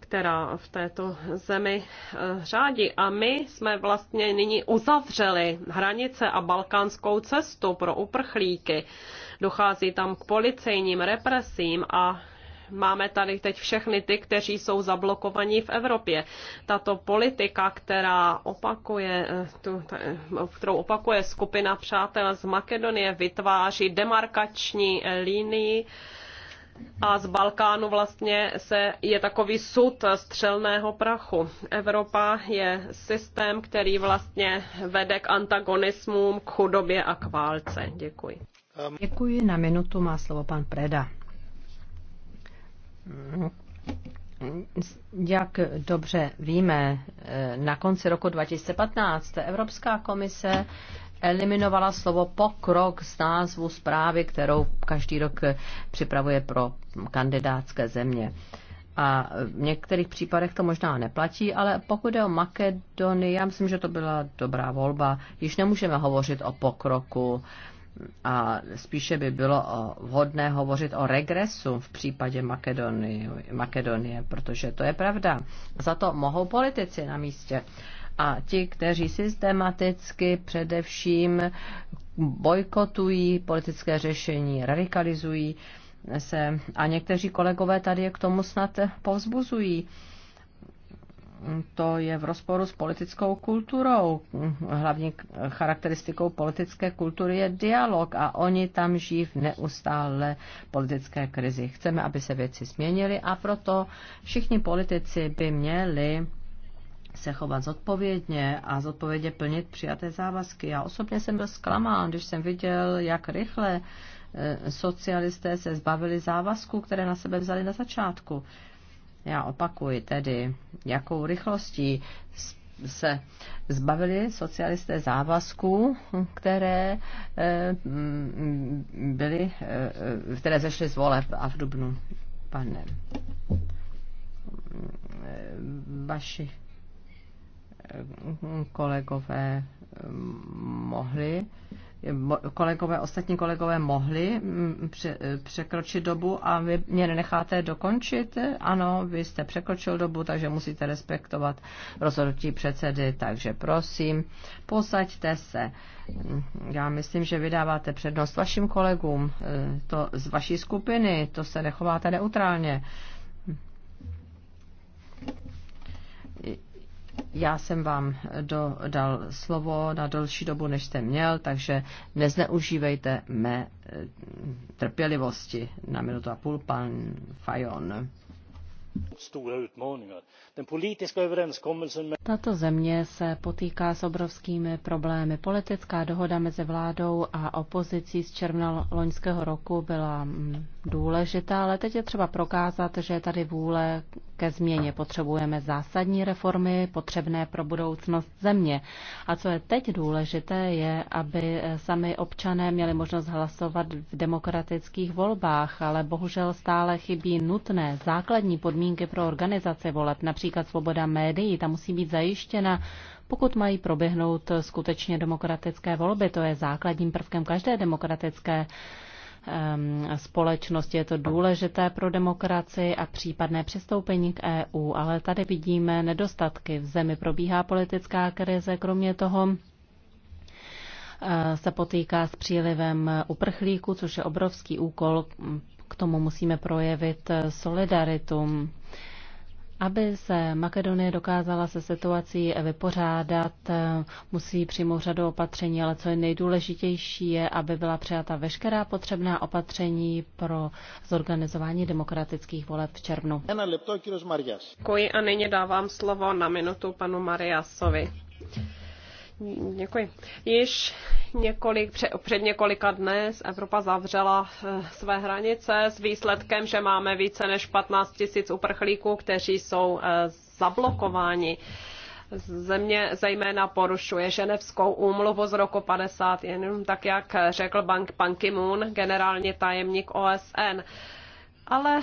která v této zemi eh, řádí. A my jsme vlastně nyní uzavřeli hranice a balkánskou cestu pro uprchlíky. Dochází tam k policejním represím a máme tady teď všechny ty, kteří jsou zablokovaní v Evropě. Tato politika, která opakuje, eh, tu, eh, kterou opakuje skupina přátel z Makedonie, vytváří demarkační eh, linii a z Balkánu vlastně se je takový sud střelného prachu. Evropa je systém, který vlastně vede k antagonismům, k chudobě a k válce. Děkuji. Děkuji. Na minutu má slovo pan Preda. Jak dobře víme, eh, na konci roku 2015 Evropská komise eliminovala slovo pokrok z názvu zprávy, kterou každý rok eh, připravuje pro kandidátské země. A v některých případech to možná neplatí, ale pokud je o Makedonii, já myslím, že to byla dobrá volba. Již nemůžeme hovořit o pokroku a spíše by bylo vhodné hovořit o regresu v případě Makedonie, Makedonie, protože to je pravda. Za to mohou politici na místě. A ti, kteří systematicky především bojkotují politické řešení, radikalizují se. A někteří kolegové tady je k tomu snad povzbuzují to je v rozporu s politickou kulturou. Hlavní charakteristikou politické kultury je dialog a oni tam žijí v neustále politické krizi. Chceme, aby se věci změnily a proto všichni politici by měli se chovat zodpovědně a zodpovědně plnit přijaté závazky. Já osobně jsem byl zklamán, když jsem viděl, jak rychle eh, socialisté se zbavili závazků, které na sebe vzali na začátku. Já opakuji tedy, jakou rychlostí se zbavili socialisté závazků, které eh, mm, byly, eh, eh, které zešly z voleb a v Dubnu pane. Vaši kolegové mohli kolegové, ostatní kolegové mohli mm, překročit dobu a vy mě nenecháte dokončit. Ano, vy jste překročil dobu, takže musíte respektovat rozhodnutí předsedy, takže prosím, posaďte se. Já myslím, že vydáváte přednost vašim kolegům, e, to z vaší skupiny, to se nechováte neutrálně. Já jsem vám do, dal slovo na delší dobu, než jste měl, takže nezneužívejte mé eh, trpělivosti. Na minutu a půl pan Fajon. Tato země se potýká s obrovskými problémy. Politická dohoda mezi vládou a opozicí z června loňského roku byla mm, důležitá, ale teď je třeba prokázat, že je tady vůle ke změně. Potřebujeme zásadní reformy potřebné pro budoucnost země. A co je teď důležité, je, aby sami občané měli možnost hlasovat v demokratických volbách, ale bohužel stále chybí nutné základní podmínky podmínky pro organizaci voleb, například svoboda médií, ta musí být zajištěna, pokud mají proběhnout skutečně demokratické volby. To je základním prvkem každé demokratické ehm, společnosti. Je to důležité pro demokracii a případné přistoupení k EU, ale tady vidíme nedostatky. V zemi probíhá politická krize, kromě toho eh, se potýká s přílivem uprchlíků, což je obrovský úkol k tomu musíme projevit eh, solidaritu. Aby se Makedonie dokázala se situací vypořádat, eh, musí přijmout řadu opatření, ale co je nejdůležitější, je, aby byla přijata veškerá potřebná opatření pro zorganizování demokratických voleb v červnu. Děkuji a nyní dávám slovo na minutu panu Mariasovi. Děkuji. Již několik, před, před několika dnes Evropa zavřela eh, své hranice s výsledkem, že máme více než 15 tisíc uprchlíků, kteří jsou eh, zablokováni země zejména porušuje ženevskou úmluvu z roku jenom tak jak řekl bank Pan Ki-moon, generální tajemník OSN ale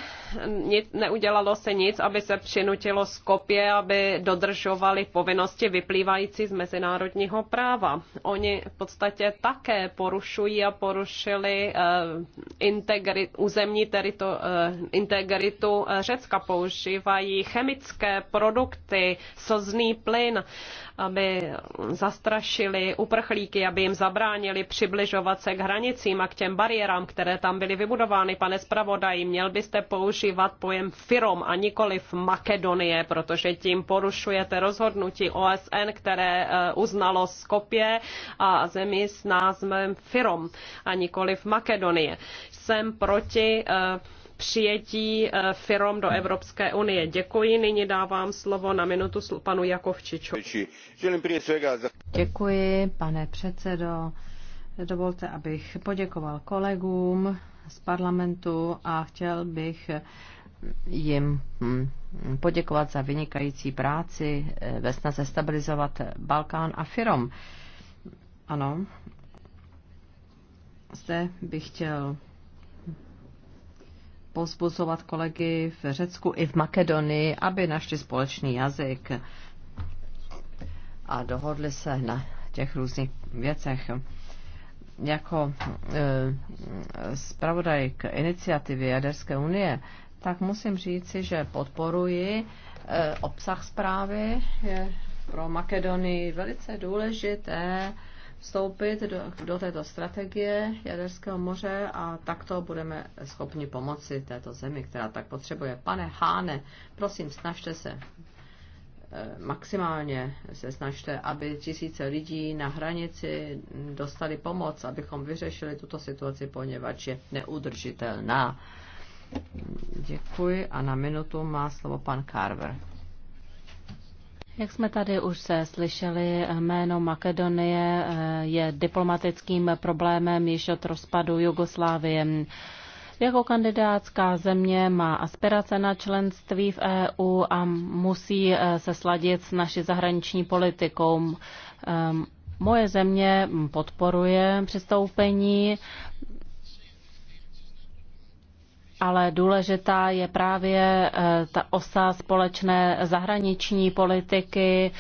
nic, neudělalo se nic, aby se přinutilo Skopje, aby dodržovali povinnosti vyplývající z mezinárodního práva. Oni v podstatě také porušují a porušili eh, integri, územní terito, eh, integritu eh, Řecka. Používají chemické produkty, slzný plyn, aby zastrašili uprchlíky, aby jim zabránili přibližovat se k hranicím a k těm bariérám, které tam byly vybudovány. Pane zpravodaji, měl by byste používat pojem firom a nikoliv Makedonie, protože tím porušujete rozhodnutí OSN, které e, uznalo Skopje a zemi s názvem firom a nikoliv Makedonie. Jsem proti e, přijetí e, firm do Evropské unie. Děkuji, nyní dávám slovo na minutu panu Jakovčiču. Děkuji, pane předsedo. Dovolte, abych poděkoval kolegům z parlamentu a chtěl bych jim hm, poděkovat za vynikající práci eh, ve snaze stabilizovat Balkán a Firom. Ano, zde bych chtěl pozbuzovat kolegy v Řecku i v Makedonii, aby našli společný jazyk a dohodli se na těch různých věcech jako e, zpravodaj k iniciativě Jaderské unie, tak musím říci, že podporuji e, obsah zprávy. Je pro Makedonii velice důležité vstoupit do, do této strategie Jaderského moře a takto budeme schopni pomoci této zemi, která tak potřebuje. Pane Háne, prosím, snažte se Eh, maximálně se snažte, aby tisíce lidí na hranici dostali pomoc, abychom vyřešili tuto situaci, poněvadž je neudržitelná. Děkuji a na minutu má slovo pan Carver. Jak jsme tady už se slyšeli, jméno Makedonie eh, je diplomatickým problémem již od rozpadu Jugoslávie. Jako kandidátská země má aspirace na členství v EU a musí e, se sladit s naší zahraniční politikou. E, moje země podporuje přistoupení, ale důležitá je právě e, ta osa společné zahraniční politiky,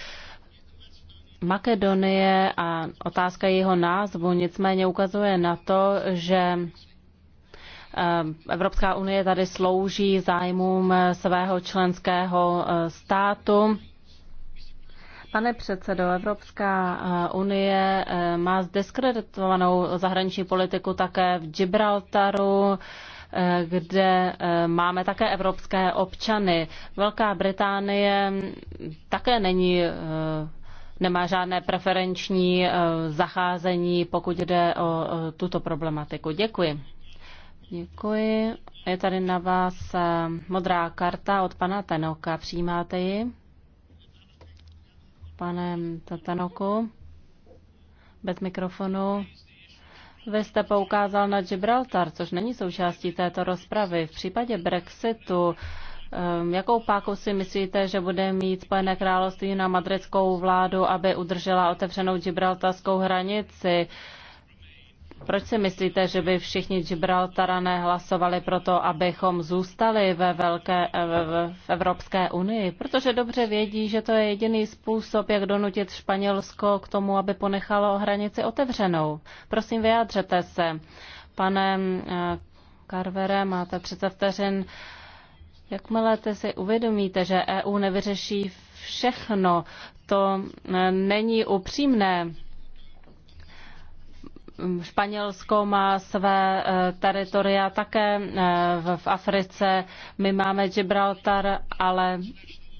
Makedonie a otázka jeho názvu nicméně ukazuje na to, že Eh, Evropská unie tady slouží zájmům eh, svého členského eh, státu. Pane předsedo, Evropská unie má zdiskreditovanou zahraniční politiku také v Gibraltaru, kde máme také evropské občany. Velká Británie také není nemá žádné preferenční zacházení, pokud jde o tuto problematiku. Děkuji. Děkuji. Je tady na vás eh, modrá karta od pana Tenoka. Přijímáte ji? Panem Tanoku, bez mikrofonu. Vy jste poukázal na Gibraltar, což není součástí této rozpravy. V případě Brexitu eh, Jakou páku si myslíte, že bude mít Spojené království na madridskou vládu, aby udržela otevřenou gibraltarskou hranici? Proč si myslíte, že by všichni Gibraltarané hlasovali pro to, abychom zůstali ve, velké, v, v Evropské unii? Protože dobře vědí, že to je jediný způsob, jak donutit Španělsko k tomu, aby ponechalo hranici otevřenou. Prosím, vyjádřete se. Pane eh, Carvere, máte 30 vteřin. Jakmile ty si uvědomíte, že EU nevyřeší všechno, to eh, není upřímné. Španělsko má své eh, teritoria také eh, v Africe. My máme Gibraltar, ale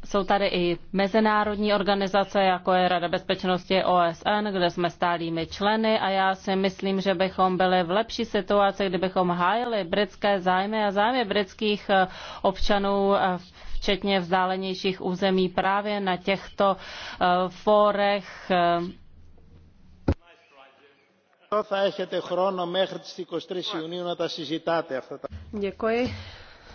jsou tady i mezinárodní organizace, jako je Rada bezpečnosti OSN, kde jsme stálými členy a já si myslím, že bychom byli v lepší situaci, kdybychom hájili britské zájmy a zájmy britských eh, občanů včetně vzdálenějších území právě na těchto fórech Děkuji.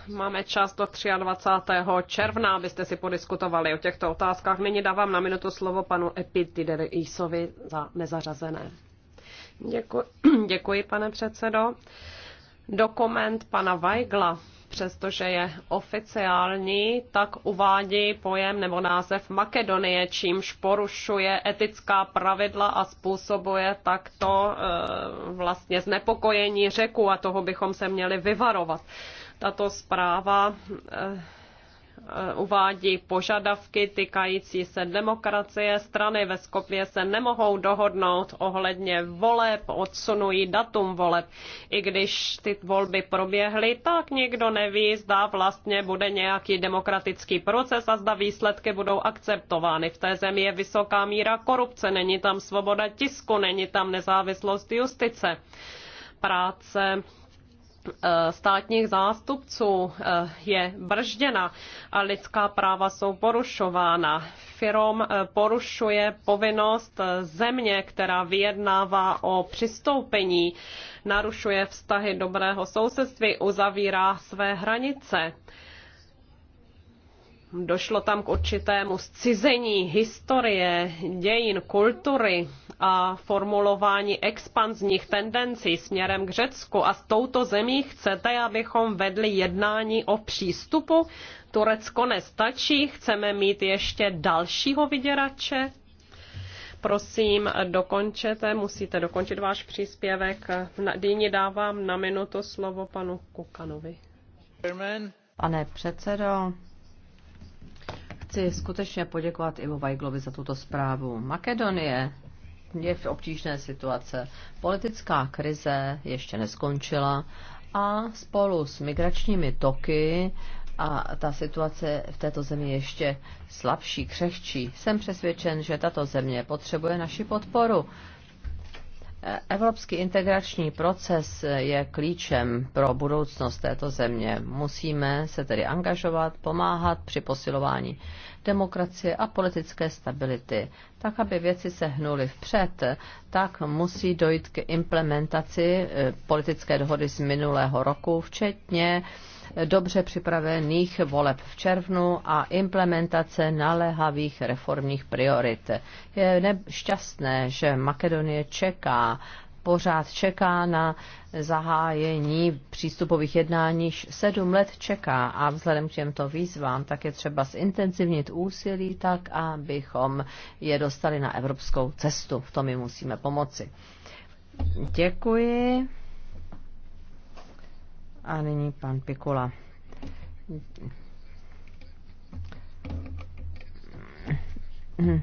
Máme čas do 23. června, abyste si podiskutovali o těchto otázkách. Nyní dávám na minutu slovo panu Epitiderisovi za nezařazené. Děkuji, [clears throat] děkuji, pane předsedo. Dokument pana Weigla přestože je oficiální, tak uvádí pojem nebo název Makedonie, čímž porušuje etická pravidla a způsobuje takto e, vlastně znepokojení řeku a toho bychom se měli vyvarovat. Tato zpráva e, Eh, uvádí požadavky týkající se demokracie. Strany ve Skopě se nemohou dohodnout ohledně voleb, odsunují datum voleb. I když ty volby proběhly, tak nikdo neví, zda vlastně bude nějaký demokratický proces a zda výsledky budou akceptovány. V té zemi je vysoká míra korupce, není tam svoboda tisku, není tam nezávislost justice. Práce Eh, státních zástupců eh, je bržděna a lidská práva jsou porušována. Firom eh, porušuje povinnost země, která vyjednává o přistoupení, narušuje vztahy dobrého sousedství, uzavírá své hranice. Došlo tam k určitému zcizení historie, dějin, kultury a formulování expanzních tendencí směrem k Řecku. A s touto zemí chcete, abychom vedli jednání o přístupu? Turecko nestačí, chceme mít ještě dalšího vyděrače? Prosím, dokončete, musíte dokončit váš příspěvek. Dýni dávám na minutu slovo panu Kukanovi. Pane předsedo, chci skutečně poděkovat Ivo Vajglovi za tuto zprávu. Makedonie je v obtížné situace. Politická krize ještě neskončila a spolu s migračními toky a ta situace v této zemi ještě slabší, křehčí. Jsem přesvědčen, že tato země potřebuje naši podporu Evropský integrační proces je klíčem pro budoucnost této země. Musíme se tedy angažovat, pomáhat při posilování demokracie a politické stability. Tak, aby věci se hnuly vpřed, tak musí dojít k implementaci e, politické dohody z minulého roku, včetně e, dobře připravených voleb v červnu a implementace naléhavých reformních priorit. Je nešťastné, že Makedonie čeká pořád čeká na zahájení přístupových jednání, sedm let čeká a vzhledem k těmto výzvám, tak je třeba zintenzivnit úsilí tak, abychom je dostali na evropskou cestu. V tom my musíme pomoci. Děkuji. A nyní pan Pikula. Mm-hmm.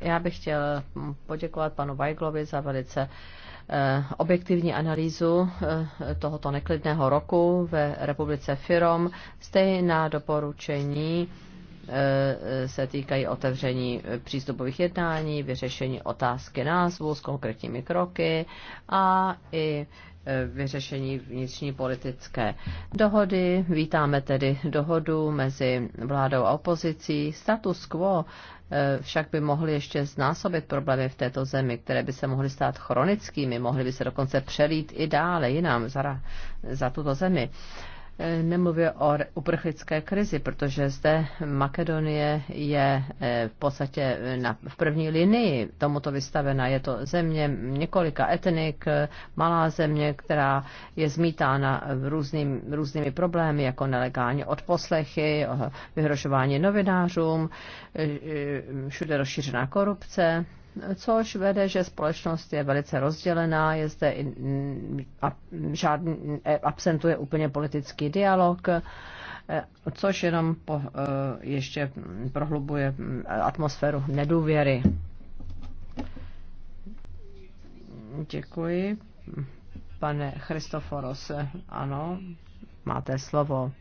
Já bych chtěl mm, poděkovat panu Weiglovi za velice eh, objektivní analýzu eh, tohoto neklidného roku ve republice Firom. Stejná doporučení eh, se týkají otevření přístupových jednání, vyřešení otázky názvu s konkrétními kroky a i Eh, vyřešení vnitřní politické dohody. Vítáme tedy dohodu mezi vládou a opozicí. Status quo eh, však by mohly ještě znásobit problémy v této zemi, které by se mohly stát chronickými, mohly by se dokonce přelít i dále jinam za, za tuto zemi. Eh, nemluvě o uprchlické krizi, protože zde Makedonie je eh, v podstatě eh, na, v první linii tomuto vystavena. Je to země několika etnik, malá země, která je zmítána různým, různými problémy, jako nelegální odposlechy, vyhrožování novinářům, všude rozšířená korupce což vede, že společnost je velice rozdělená, je zde i, a, žádný, e, absentuje úplně politický dialog, e, což jenom po, e, ještě prohlubuje atmosféru nedůvěry. Děkuji. Pane Christoforos, ano, máte slovo.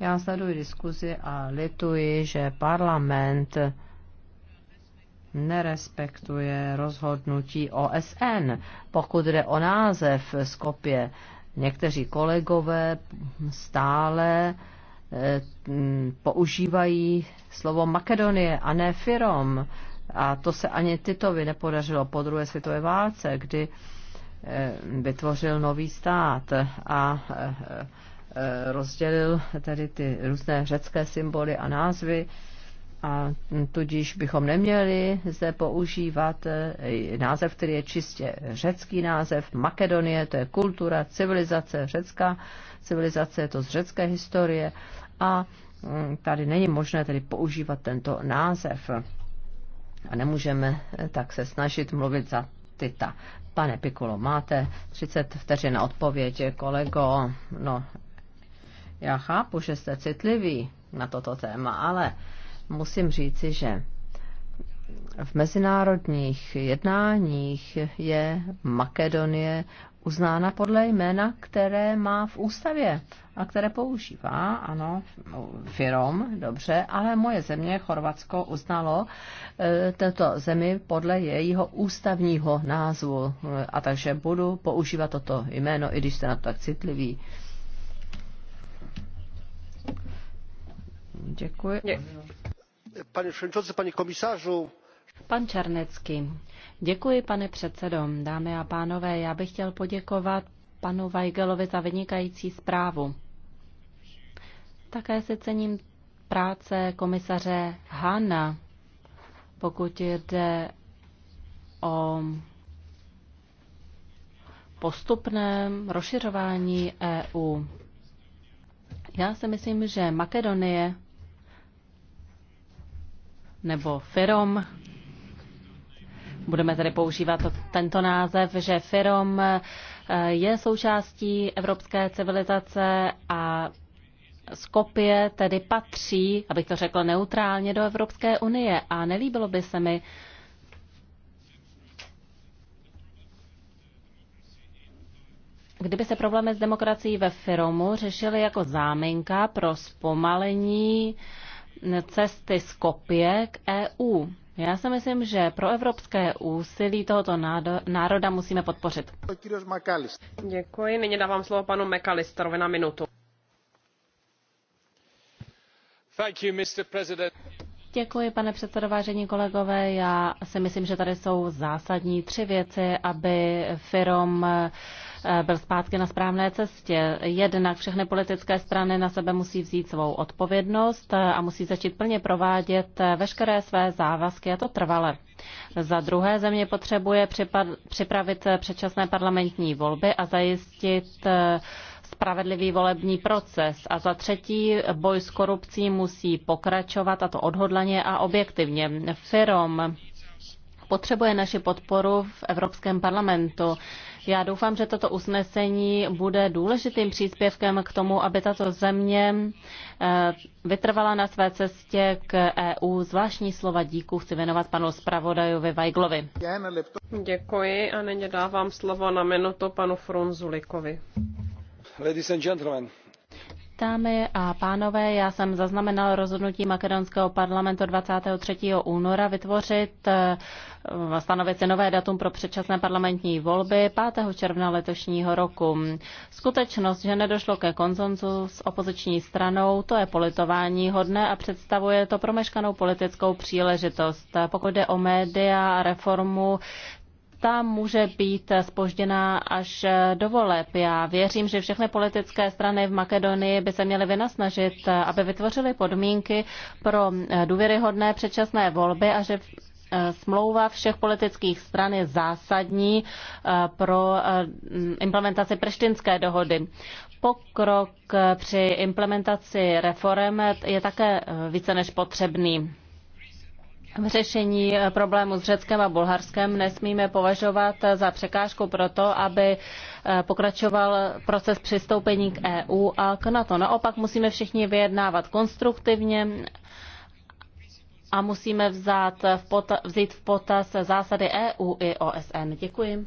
Já sleduji diskuzi a lituji, že parlament nerespektuje rozhodnutí OSN. Pokud jde o název Skopje, někteří kolegové stále eh, používají slovo Makedonie a ne Firom. A to se ani Titovi nepodařilo po druhé světové válce, kdy eh, vytvořil nový stát a eh, rozdělil tedy ty různé řecké symboly a názvy a tudíž bychom neměli zde používat e, název, který je čistě řecký název. Makedonie, to je kultura, civilizace, řecká civilizace, je to z řecké historie a mm, tady není možné tedy používat tento název. A nemůžeme e, tak se snažit mluvit za Tita. Pane Pikolo, máte 30 vteřin na odpověď, kolego. No, já chápu, že jste citlivý na toto téma, ale musím říci, že v mezinárodních jednáních je Makedonie uznána podle jména, které má v ústavě a které používá, ano, firom, dobře, ale moje země, Chorvatsko, uznalo e, tento zemi podle jejího ústavního názvu e, a takže budu používat toto jméno, i když jste na to tak citlivý. Děkuji. Děkuji pane předsedající pane komisaři Pan Černecký. Děkuji, pane předsedo. Dámy a pánové, já bych chtěl poděkovat panu Weigelovi za vynikající zprávu. Také si cením práce komisaře Hanna, pokud jde o postupném rozšiřování EU. Já si myslím, že Makedonie nebo Firom. Budeme tedy používat tento název, že Firom eh, je součástí evropské civilizace a Skopje tedy patří, abych to řekl neutrálně, do Evropské unie a nelíbilo by se mi, kdyby se problémy s demokracií ve Firomu řešily jako záminka pro zpomalení uh, cesty z kopie k EU. Já si myslím, že pro evropské úsilí tohoto národa musíme podpořit. Děkuji. Nyní dávám slovo panu McAllisterovi na minutu. You, Děkuji, pane předsedo, vážení kolegové. Já si myslím, že tady jsou zásadní tři věci, aby firm Eh, byl zpátky na správné cestě. Jednak všechny politické strany na sebe musí vzít svou odpovědnost eh, a musí začít plně provádět eh, veškeré své závazky a to trvale. Za druhé země potřebuje připravit předčasné parlamentní volby a zajistit spravedlivý volební proces a za třetí boj s korupcí musí pokračovat a to odhodlaně a objektivně. Firom potřebuje naši podporu v Evropském parlamentu. Já doufám, že toto usnesení bude důležitým příspěvkem k tomu, aby tato země eh, vytrvala na své cestě k EU. Zvláštní slova díku chci věnovat panu zpravodajovi Vajglovi. Děkuji a nyní dávám slovo na minutu panu Frunzulikovi. Ladies and gentlemen, Dámy a pánové, já jsem zaznamenal rozhodnutí makedonského parlamentu 23. února vytvořit eh, stanovit si nové datum pro předčasné parlamentní volby 5. června letošního roku. Skutečnost, že nedošlo ke konzonzu s opoziční stranou, to je politování hodné a představuje to promeškanou politickou příležitost. Pokud jde o média a reformu ta může být spožděná až do voleb. Já věřím, že všechny politické strany v Makedonii by se měly vynasnažit, aby vytvořily podmínky pro důvěryhodné předčasné volby a že smlouva všech politických stran je zásadní eh, pro eh, implementaci preštinské dohody. Pokrok eh, při implementaci reform je také více než potřebný v řešení eh, problému s Řeckem a Bulharskem nesmíme považovat eh, za překážku pro to, aby eh, pokračoval proces přistoupení k EU a k NATO. Naopak musíme všichni vyjednávat konstruktivně a musíme vzát v pota, vzít v potaz zásady EU i OSN. Děkuji.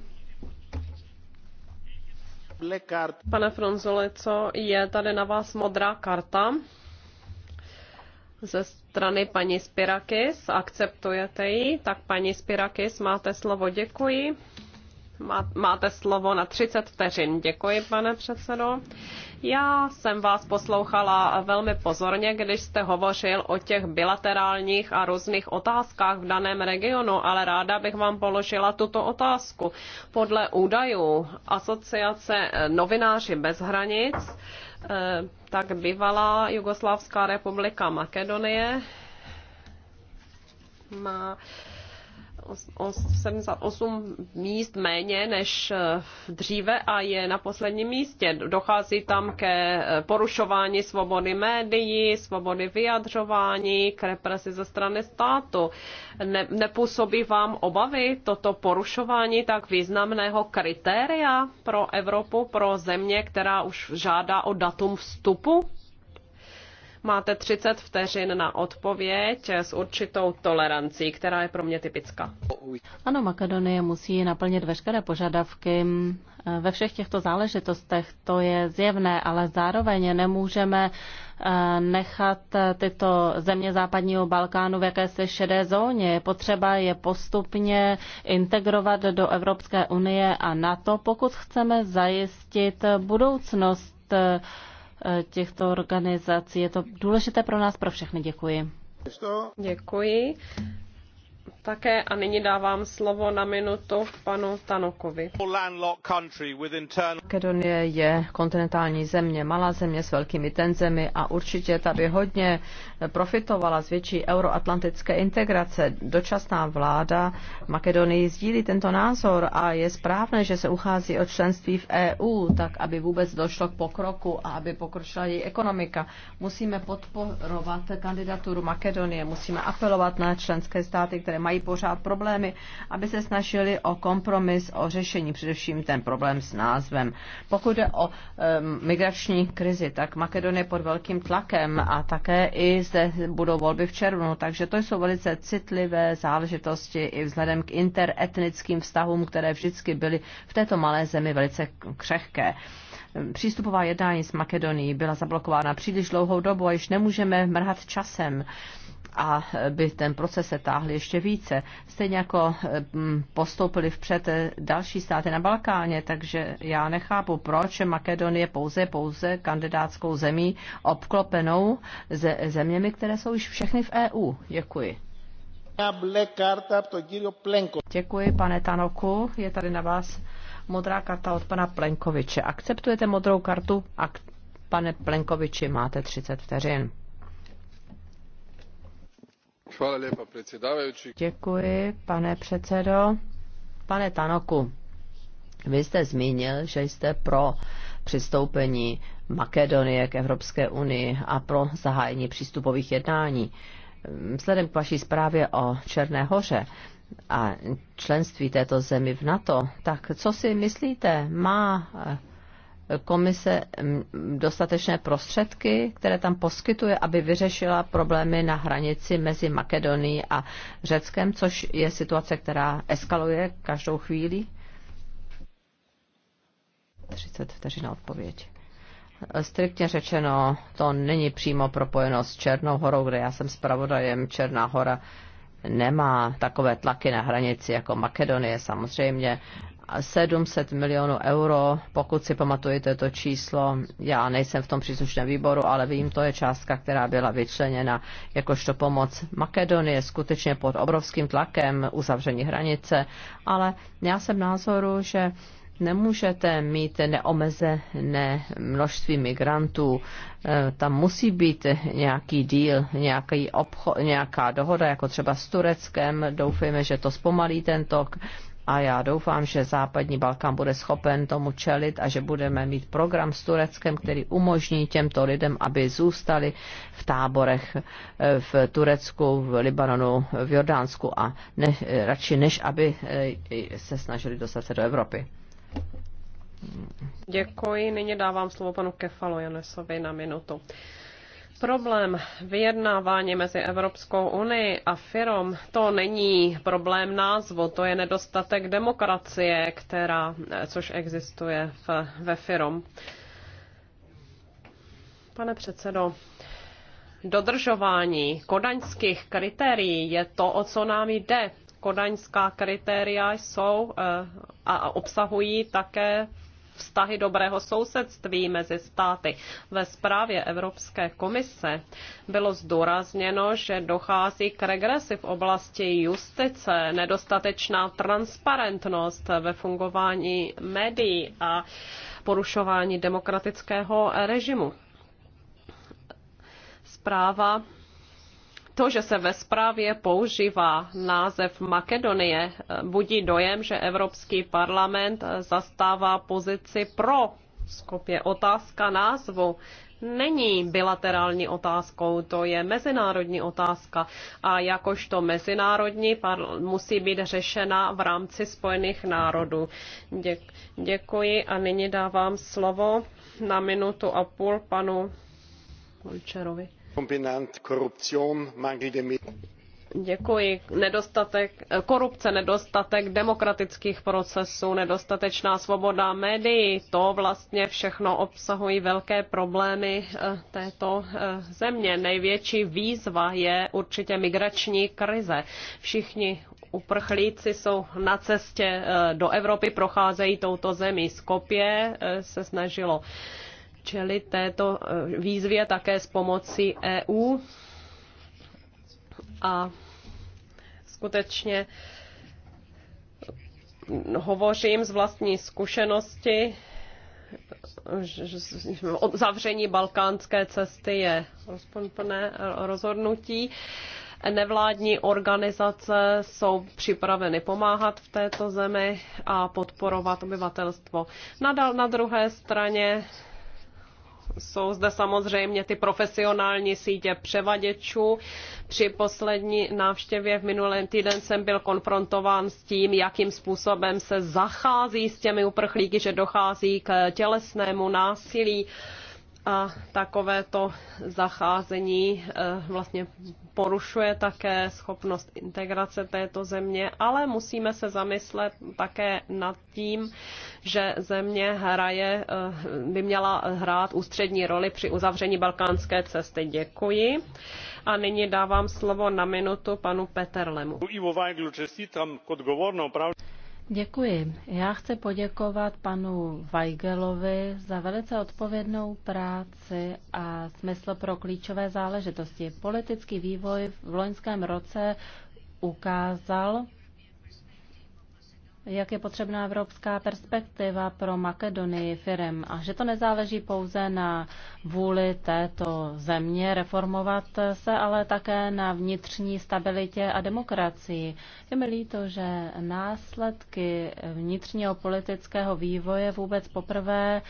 Pane Fronzole, co je tady na vás modrá karta ze strany paní Spirakis. Akceptujete ji? Tak paní Spirakis, máte slovo. Děkuji. Máte slovo na 30 vteřin. Děkuji, pane předsedo. Já jsem vás poslouchala velmi pozorně, když jste hovořil o těch bilaterálních a různých otázkách v daném regionu, ale ráda bych vám položila tuto otázku. Podle údajů Asociace novináři bez hranic Eh, tak bývalá Jugoslávská republika Makedonie má 78 míst méně než eh, dříve a je na posledním místě. Dochází tam ke eh, porušování svobody médií, svobody vyjadřování, k represi ze strany státu. Ne, nepůsobí vám obavy toto porušování tak významného kritéria pro Evropu, pro země, která už žádá o datum vstupu Máte 30 vteřin na odpověď s určitou tolerancí, která je pro mě typická. Ano, Makedonie musí naplnit veškeré požadavky eh, ve všech těchto záležitostech. To je zjevné, ale zároveň nemůžeme eh, nechat tyto země západního Balkánu v jakési šedé zóně. Je potřeba je postupně integrovat do Evropské unie a NATO, pokud chceme zajistit budoucnost eh, těchto organizací. Je to důležité pro nás, pro všechny. Děkuji. Děkuji také a nyní dávám slovo na minutu panu Tanokovi. Makedonie je kontinentální země, malá země s velkými tenzemi a určitě tady hodně profitovala z větší euroatlantické integrace. Dočasná vláda Makedonii sdílí tento názor a je správné, že se uchází o členství v EU, tak aby vůbec došlo k pokroku a aby pokročila její ekonomika. Musíme podporovat kandidaturu Makedonie, musíme apelovat na členské státy, které mají mají pořád problémy, aby se snažili o kompromis, o řešení, především ten problém s názvem. Pokud jde o migrační krizi, tak Makedonie pod velkým tlakem a také i zde budou volby v červnu, takže to jsou velice citlivé záležitosti i vzhledem k interetnickým vztahům, které vždycky byly v této malé zemi velice křehké. Přístupová jednání s Makedonií byla zablokována příliš dlouhou dobu a již nemůžeme mrhat časem a by ten proces se táhl ještě více. Stejně jako mm, postoupili vpřed další státy na Balkáně, takže já nechápu, proč Makedonie pouze pouze kandidátskou zemí obklopenou ze, zeměmi, které jsou již všechny v EU. Děkuji. Děkuji, pane Tanoku. Je tady na vás modrá karta od pana Plenkoviče. Akceptujete modrou kartu? Ak- pane Plenkoviči, máte 30 vteřin. Děkuji, pane předsedo. Pane Tanoku, vy jste zmínil, že jste pro přistoupení Makedonie k Evropské unii a pro zahájení přístupových jednání. Vzhledem k vaší zprávě o Černé hoře a členství této zemi v NATO, tak co si myslíte, má komise mm, dostatečné prostředky, které tam poskytuje, aby vyřešila problémy na hranici mezi Makedonií a Řeckem, což je situace, která eskaluje každou chvíli? 30 vteřin odpověď. Striktně řečeno, to není přímo propojeno s Černou horou, kde já jsem zpravodajem. Černá hora nemá takové tlaky na hranici jako Makedonie samozřejmě 700 milionů euro, pokud si pamatujete to číslo, já nejsem v tom příslušném výboru, ale vím, to je částka, která byla vyčleněna jakožto pomoc Makedonie, skutečně pod obrovským tlakem uzavření hranice, ale já jsem názoru, že nemůžete mít neomezené množství migrantů. Eh, tam musí být nějaký díl, nějaký obchod, nějaká dohoda, jako třeba s Tureckem. Doufejme, že to zpomalí ten tok a já doufám, že západní Balkán bude schopen tomu čelit a že budeme mít program s Tureckem, který umožní těmto lidem, aby zůstali v táborech eh, v Turecku, v Libanonu, v Jordánsku a ne, eh, radši než aby eh, se snažili dostat se do Evropy. Děkuji. Nyní dávám slovo panu Kefalo Janesovi na minutu. Problém vyjednávání mezi Evropskou unii a firom to není problém názvu, to je nedostatek demokracie, která, což existuje v, ve firom. Pane předsedo, dodržování kodaňských kritérií je to, o co nám jde. Kodaňská kritéria jsou eh, a obsahují také vztahy dobrého sousedství mezi státy. Ve zprávě Evropské komise bylo zdůrazněno, že dochází k regresi v oblasti justice, nedostatečná transparentnost ve fungování médií a porušování demokratického režimu. Zpráva to, že se ve zprávě používá název Makedonie, eh, budí dojem, že Evropský parlament eh, zastává pozici pro Skopje. Otázka názvu není bilaterální otázkou, to je mezinárodní otázka a jakožto mezinárodní musí být řešena v rámci Spojených národů. děkuji a nyní dávám slovo na minutu a půl panu Vulčerovi. Děkuji. Nedostatek, korupce, nedostatek demokratických procesů, nedostatečná svoboda médií, to vlastně všechno obsahují velké problémy eh, této eh, země. Největší výzva je určitě migrační krize. Všichni uprchlíci jsou na cestě eh, do Evropy, procházejí touto zemí. Skopje se snažilo čelit této eh, výzvě také s pomocí EU. A skutečně hovořím z vlastní zkušenosti, zavření balkánské cesty je rozpomplné rozhodnutí. Nevládní organizace jsou připraveny pomáhat v této zemi a podporovat obyvatelstvo. na druhé straně jsou zde samozřejmě ty profesionální sítě převaděčů. Při poslední návštěvě v minulém týden jsem byl konfrontován s tím, jakým způsobem se zachází s těmi uprchlíky, že dochází k tělesnému násilí a takovéto zacházení eh, vlastně porušuje také schopnost integrace této země, ale musíme se zamyslet také nad tím, že země hraje, eh, by měla hrát ústřední roli při uzavření balkánské cesty. Děkuji. A nyní dávám slovo na minutu panu Peterlemu. Děkuji. Já chci poděkovat panu Weigelovi za velice odpovědnou práci a smysl pro klíčové záležitosti. Politický vývoj v loňském roce ukázal, jak je potřebná evropská perspektiva pro Makedonii firm a že to nezáleží pouze na vůli této země reformovat se, ale také na vnitřní stabilitě a demokracii. Je mi líto, že následky vnitřního politického vývoje vůbec poprvé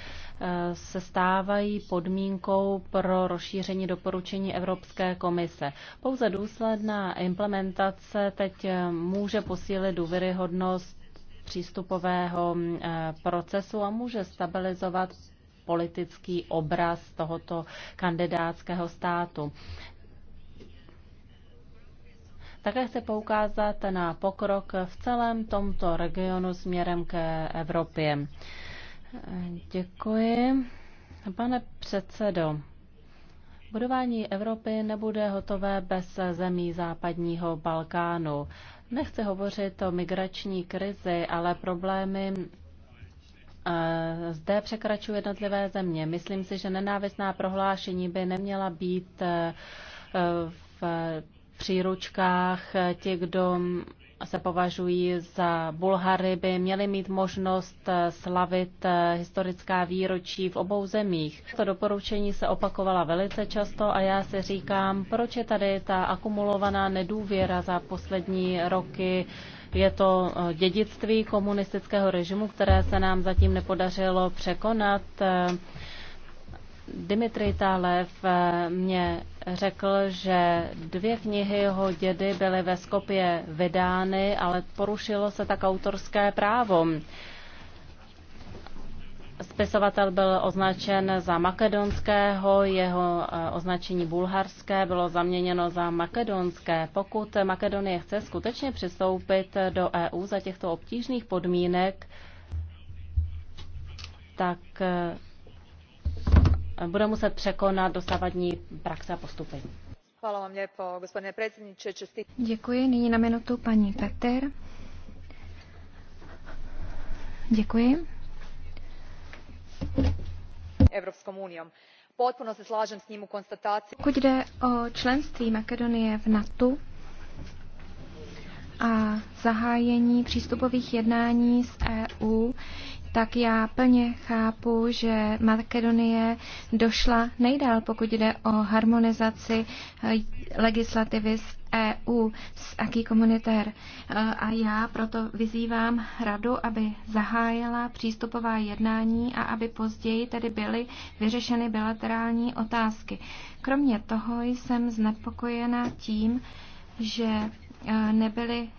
eh, se stávají podmínkou pro rozšíření doporučení Evropské komise. Pouze důsledná implementace teď může posílit důvěryhodnost přístupového mm, eh, procesu a může stabilizovat politický obraz tohoto kandidátského státu. Také chci poukázat na pokrok v celém tomto regionu směrem ke Evropě. Děkuji. Pane předsedo, budování Evropy nebude hotové bez zemí západního Balkánu. Nechci hovořit o migrační krizi, ale problémy eh, zde překračují jednotlivé země. Myslím si, že nenávistná prohlášení by neměla být eh, v příručkách těch, eh, kdo se považují za Bulhary, by měly mít možnost eh, slavit eh, historická výročí v obou zemích. To doporučení se opakovala velice často a já se říkám, proč je tady ta akumulovaná nedůvěra za poslední roky. Je to eh, dědictví komunistického režimu, které se nám zatím nepodařilo překonat. Dimitri Talev eh, mě řekl, že dvě knihy jeho dědy byly ve Skopě vydány, ale porušilo se tak autorské právo. Spisovatel byl označen za makedonského, jeho eh, označení bulharské bylo zaměněno za makedonské. Pokud Makedonie chce skutečně přistoupit do EU za těchto obtížných podmínek, tak eh, bude muset překonat dosavadní praxe a postupy. Děkuji. Nyní na minutu paní Peter. Děkuji. Evropskou Potpuno se slažem s ním u konstataci. Pokud jde o členství Makedonie v NATO, a zahájení přístupových jednání s EU, tak já plně chápu, že Makedonie došla nejdál, pokud jde o harmonizaci eh, legislativy e s EU, s aký komunitér. A já proto vyzývám radu, aby zahájila přístupová jednání a aby později tedy byly vyřešeny bilaterální otázky. Kromě toho jsem znepokojena tím, že nebyly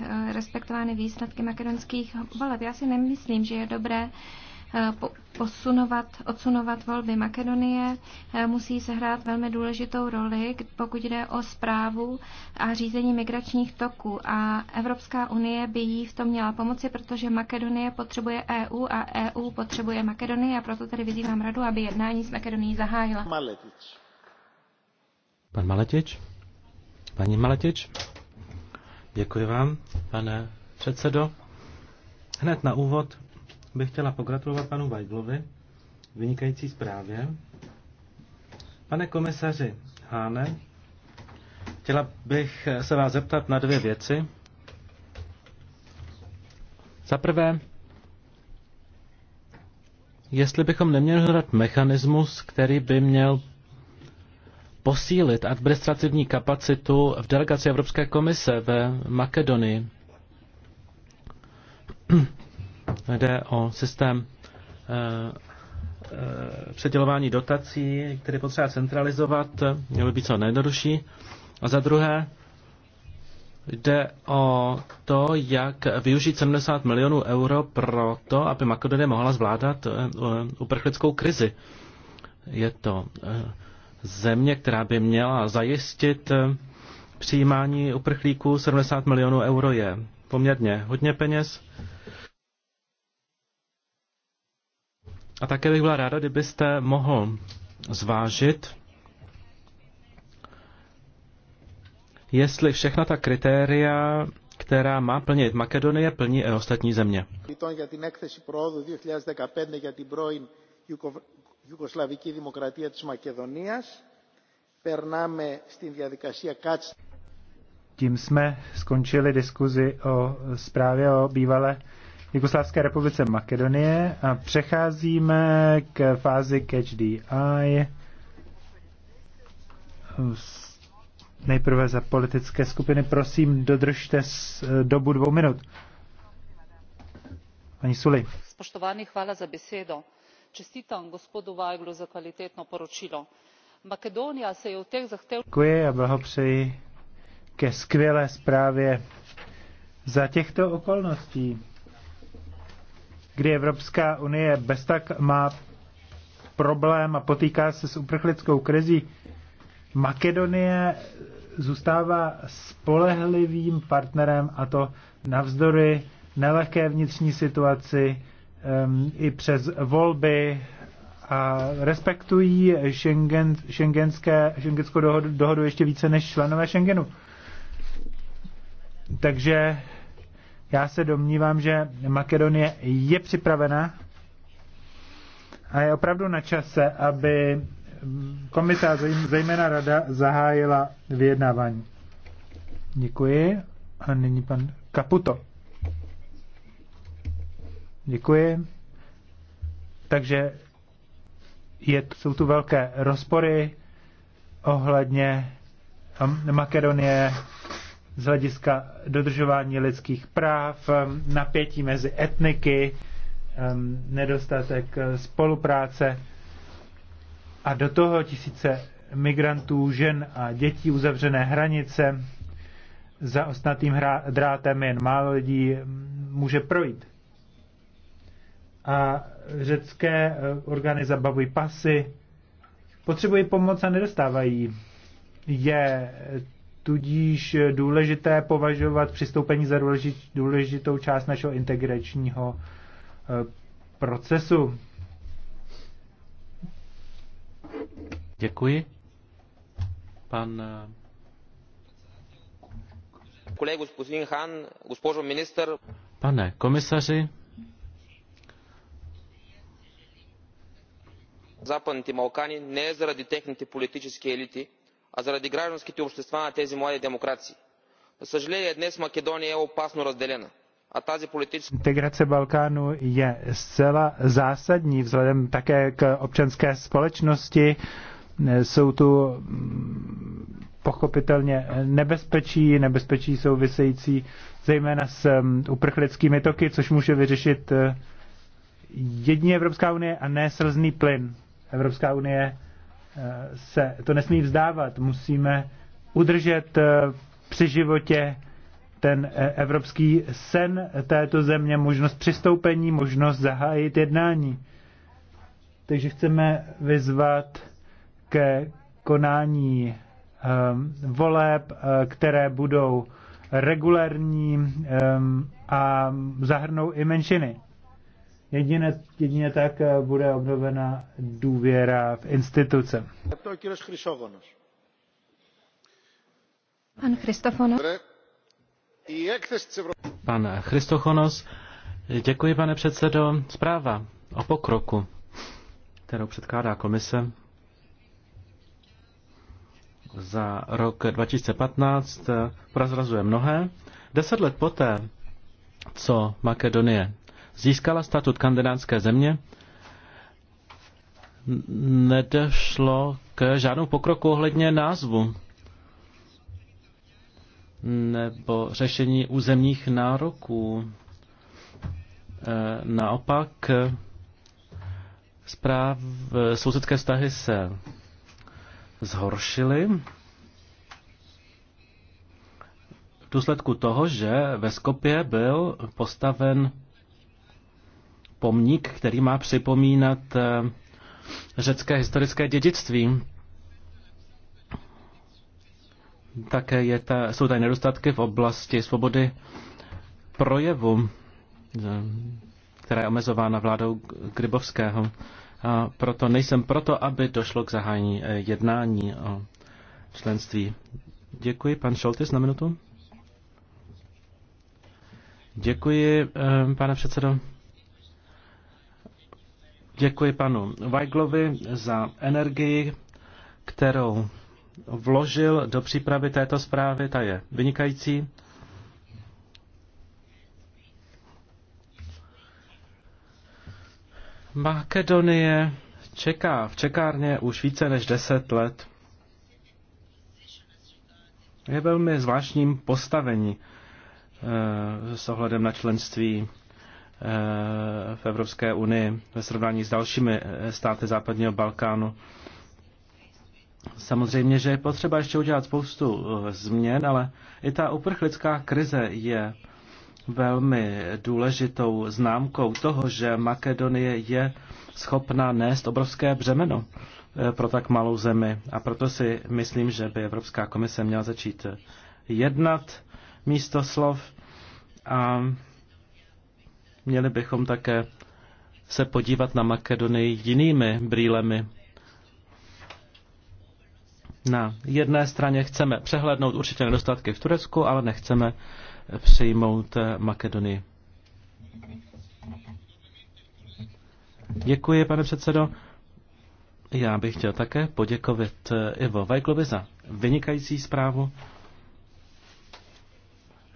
e, respektovány výsledky makedonských voleb. Já si nemyslím, že je dobré e, posunovat, odsunovat volby Makedonie, e, musí se hrát velmi důležitou roli, pokud jde o zprávu a řízení migračních toků. A Evropská unie by jí v tom měla pomoci, protože Makedonie potřebuje EU a EU potřebuje Makedonii a proto tedy vyzývám radu, aby jednání s Makedonií zahájila. Maletič. Pan Maletič? Paní Maletič? Děkuji vám, pane předsedo. Hned na úvod bych chtěla pogratulovat panu Weiglovi vynikající zprávě. Pane komisaři Háne, chtěla bych se vás zeptat na dvě věci. Za prvé, jestli bychom neměli hledat mechanismus, který by měl posílit administrativní kapacitu v delegaci Evropské komise ve Makedonii. [clears throat] Jde o systém eh, eh, předělování dotací, které potřeba centralizovat, mělo by být co nejjednodušší. A za druhé, jde o to, jak využít 70 milionů euro pro to, aby Makedonie mohla zvládat eh, uprchlickou krizi. Je to země, která by měla zajistit eh, přijímání uprchlíků 70 milionů euro je poměrně hodně peněz. A také bych byla ráda, kdybyste mohl zvážit, jestli všechna ta kritéria, která má plnit Makedonie, plní i ostatní země. Ιουγκοσλαβική Δημοκρατία της Μακεδονίας. Περνάμε στην Tím jsme skončili diskuzi o zprávě o bývalé Jugoslávské republice Makedonie a přecházíme k fázi Catch the Eye. Nejprve za politické skupiny, prosím, dodržte eh, dobu dvou minut. Pani Suli. Spoštovani, hvala za besedo čestitam gospodu vajglu za kvalitetno poročilo. makedonija se je v těch zahtevných ke skvělé zprávě. Za těchto okolností, kdy Evropská unie bez tak má problém a potýká se s uprchlickou krizí, Makedonie zůstává spolehlivým partnerem a to navzdory nelehké vnitřní situaci i přes volby a respektují Schengen, šengenské, šengenskou dohodu, dohodu ještě více než členové Schengenu. Takže já se domnívám, že Makedonie je připravena a je opravdu na čase, aby komita, zejména rada, zahájila vyjednávání. Děkuji. A nyní pan Kaputo. Děkuji. Takže je, jsou tu velké rozpory ohledně um, Makedonie z hlediska dodržování lidských práv, um, napětí mezi etniky, um, nedostatek uh, spolupráce a do toho tisíce migrantů, žen a dětí, uzavřené hranice, za ostnatým drátem jen málo lidí může projít a řecké eh, orgány zabavují pasy, potřebují pomoc a nedostávají. Je tudíž důležité považovat přistoupení za důležitou část našeho integračního eh, procesu. Děkuji. Pan eh, Pane komisaři, западните балкани не е заради техните политически елити а заради гражданските общества на тези млади демокрации. за съжаление днес македония е опасно разделена a tazi политическа... Integrace Balkánu je zcela zásadní vzhledem také k občanské společnosti. Jsou tu mm, pochopitelně nebezpečí, nebezpečí související zejména s mm, uprchlickými toky, což může vyřešit eh, jedině Evropská unie a ne slzný plyn. Evropská unie eh, se to nesmí vzdávat. Musíme udržet eh, při životě ten eh, evropský sen této země, možnost přistoupení, možnost zahájit jednání. Takže chceme vyzvat ke konání voleb, které budou regulérní a zahrnou i menšiny. Jedině, jedině tak eh, bude obnovena důvěra v instituce. Pan Christofonos. Pan Christofonos, děkuji pane předsedo. Zpráva o pokroku, kterou předkládá komise za rok 2015, prozrazuje eh, mnohé. Deset let poté, co Makedonie získala statut kandidátské země, nedošlo k žádnou pokroku ohledně názvu nebo řešení územních nároků. E, naopak zpráv, sousedské vztahy se zhoršily v důsledku toho, že ve Skopě byl postaven pomník, který má připomínat eh, řecké historické dědictví. Také je ta, jsou tady nedostatky v oblasti svobody projevu, eh, která je omezována vládou Grybovského. A proto nejsem proto, aby došlo k zahájení eh, jednání o členství. Děkuji, pan Šoltis, na minutu. Děkuji, pane předsedo. Děkuji panu Weiglovi za energii, kterou vložil do přípravy této zprávy. Ta je vynikající. Makedonie čeká v čekárně už více než 10 let. Je velmi zvláštním postavení eh, s ohledem na členství v Evropské unii ve srovnání s dalšími eh, státy západního Balkánu. Samozřejmě, že je potřeba ještě udělat spoustu eh, změn, ale i ta uprchlická krize je velmi důležitou známkou toho, že Makedonie je schopná nést obrovské břemeno eh, pro tak malou zemi. A proto si myslím, že by Evropská komise měla začít jednat místo slov. A měli bychom také se podívat na Makedonii jinými brýlemi. Na jedné straně chceme přehlednout určitě nedostatky v Turecku, ale nechceme přijmout Makedonii. Děkuji, pane předsedo. Já bych chtěl také poděkovat Ivo Vajklovi za vynikající zprávu.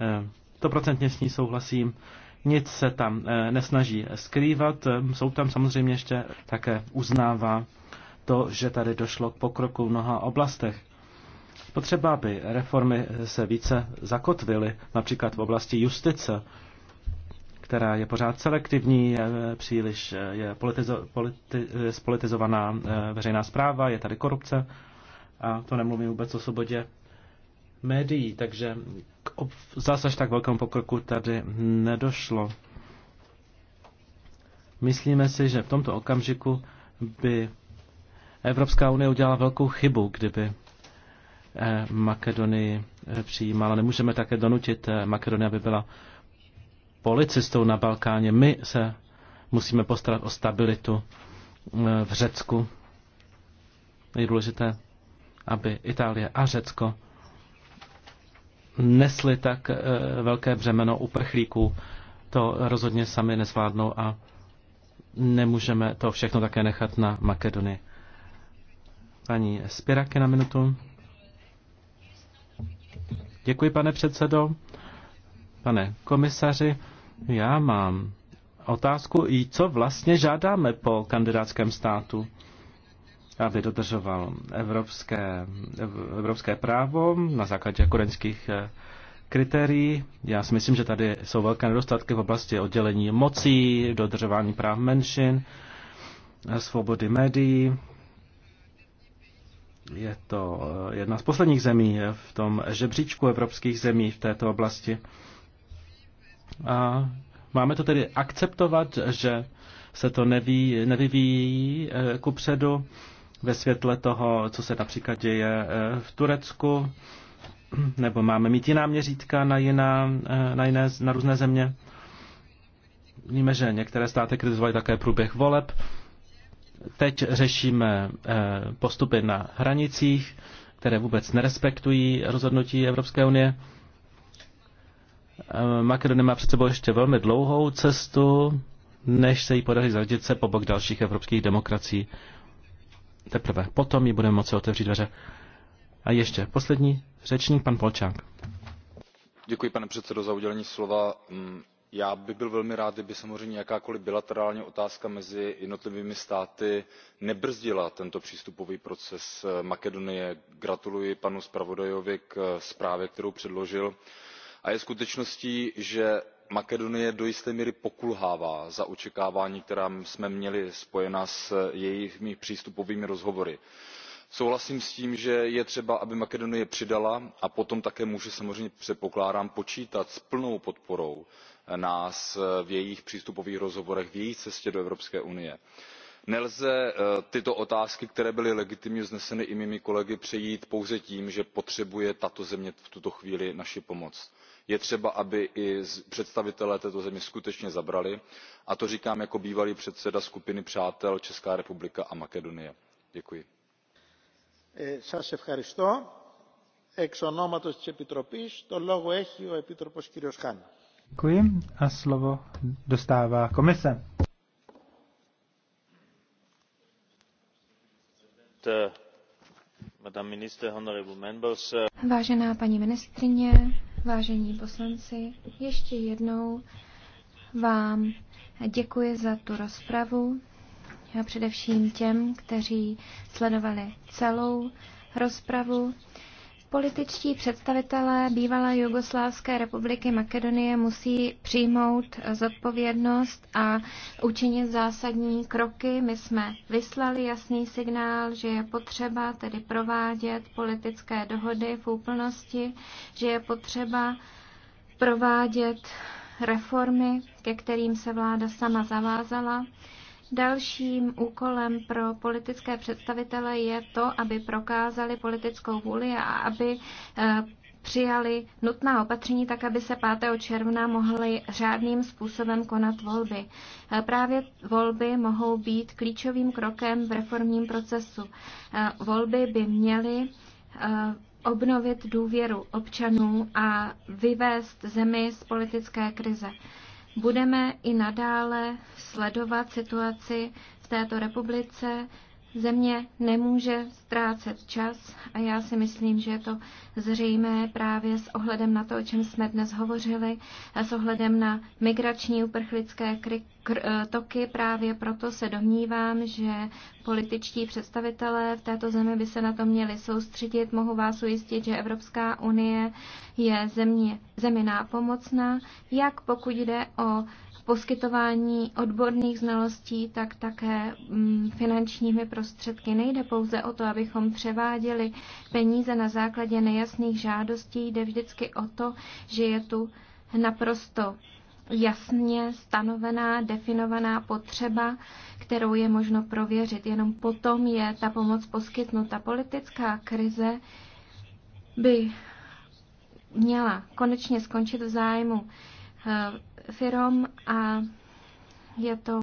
Eh, to procentně s ní souhlasím nic se tam eh, nesnaží skrývat. Jsou tam samozřejmě ještě také uznává to, že tady došlo k pokroku v mnoha oblastech. Potřeba, aby reformy se více zakotvily, například v oblasti justice, která je pořád selektivní, je eh, příliš eh, je politizo, politi, spolitizovaná veřejná zpráva, je tady korupce a to nemluvím vůbec o svobodě médií, takže k zase až tak velkému pokroku tady nedošlo. Myslíme si, že v tomto okamžiku by Evropská unie udělala velkou chybu, kdyby eh, Makedonii eh, přijímala. Nemůžeme také donutit eh, Makedonii, aby byla policistou na Balkáně. My se musíme postarat o stabilitu v Řecku. Je důležité, aby Itálie a Řecko nesli tak eh, velké břemeno uprchlíků. To rozhodně sami nezvládnou a nemůžeme to všechno také nechat na Makedonii. Paní Spiraky na minutu. Děkuji, pane předsedo. Pane komisaři, já mám otázku, i co vlastně žádáme po kandidátském státu aby dodržoval evropské, evropské právo na základě korenských eh, kritérií. Já si myslím, že tady jsou velké nedostatky v oblasti oddělení mocí, dodržování práv menšin, eh, svobody médií. Je to eh, jedna z posledních zemí v tom žebříčku evropských zemí v této oblasti. A máme to tedy akceptovat, že se to neví, nevyvíjí ku předu ve světle toho, co se například děje eh, v Turecku, nebo máme mít jiná měřítka na, jiná, eh, na, jiné, na různé země. Víme, že některé státy kritizovaly také průběh voleb. Teď řešíme eh, postupy na hranicích, které vůbec nerespektují rozhodnutí Evropské unie. Makedonie má před sebou ještě velmi dlouhou cestu, než se jí podaří zadit se po bok dalších evropských demokracií teprve potom ji budeme moci otevřít dveře. A ještě poslední řečník, pan Polčák. Děkuji, pane předsedo, za udělení slova. Mm, já bych byl velmi rád, kdyby samozřejmě jakákoliv bilaterální otázka mezi jednotlivými státy nebrzdila tento přístupový proces eh, Makedonie. Gratuluji panu zpravodajovi k eh, zprávě, kterou předložil. A je skutečností, že makedonie do jisté míry pokulhává za očekávání která jsme měli spojená s jejími přístupovými rozhovory. souhlasím s tím že je třeba aby makedonie přidala a potom také může samozřejmě předpokládám počítat s plnou podporou nás v jejích přístupových rozhovorech v její cestě do evropské unie. nelze eh, tyto otázky které byly legitimně vzneseny i mými kolegy přejít pouze tím že potřebuje tato země v tuto chvíli naši pomoc je třeba aby i představitelé této země skutečně zabrali a to říkám jako bývalý předseda skupiny přátel česká republika a makedonie. děkuji. a slovo dostává komise. Eh, vážená paní ministryně vážení poslanci, ještě jednou vám děkuji za tu rozpravu a především těm, kteří sledovali celou rozpravu. Političtí představitelé bývalé Jugoslávské republiky Makedonie musí přijmout zodpovědnost a učinit zásadní kroky. My jsme vyslali jasný signál, že je potřeba tedy provádět politické dohody v úplnosti, že je potřeba provádět reformy, ke kterým se vláda sama zavázala Dalším úkolem pro politické představitele je to, aby prokázali politickou vůli a aby eh, přijali nutná opatření tak, aby se 5. června mohly řádným způsobem konat volby. Eh, právě volby mohou být klíčovým krokem v reformním procesu. Eh, volby by měly obnovit důvěru občanů a vyvést zemi z politické krize. Budeme i nadále sledovat situaci v této republice, Země nemůže ztrácet čas a já si myslím, že je to zřejmé právě s ohledem na to, o čem jsme dnes hovořili, a s ohledem na migrační uprchlické eh, toky. Právě proto se domnívám, že političtí představitelé v této zemi by se na to měli soustředit. Mohu vás ujistit, že Evropská unie je země, zemi nápomocná, jak pokud jde o poskytování odborných znalostí, tak také mm, finančními prostředky. Nejde pouze o to, abychom převáděli peníze na základě nejasných žádostí, jde vždycky o to, že je tu naprosto jasně stanovená, definovaná potřeba, kterou je možno prověřit. Jenom potom je ta pomoc poskytnuta. Politická krize by měla konečně skončit v zájmu eh, firm a je to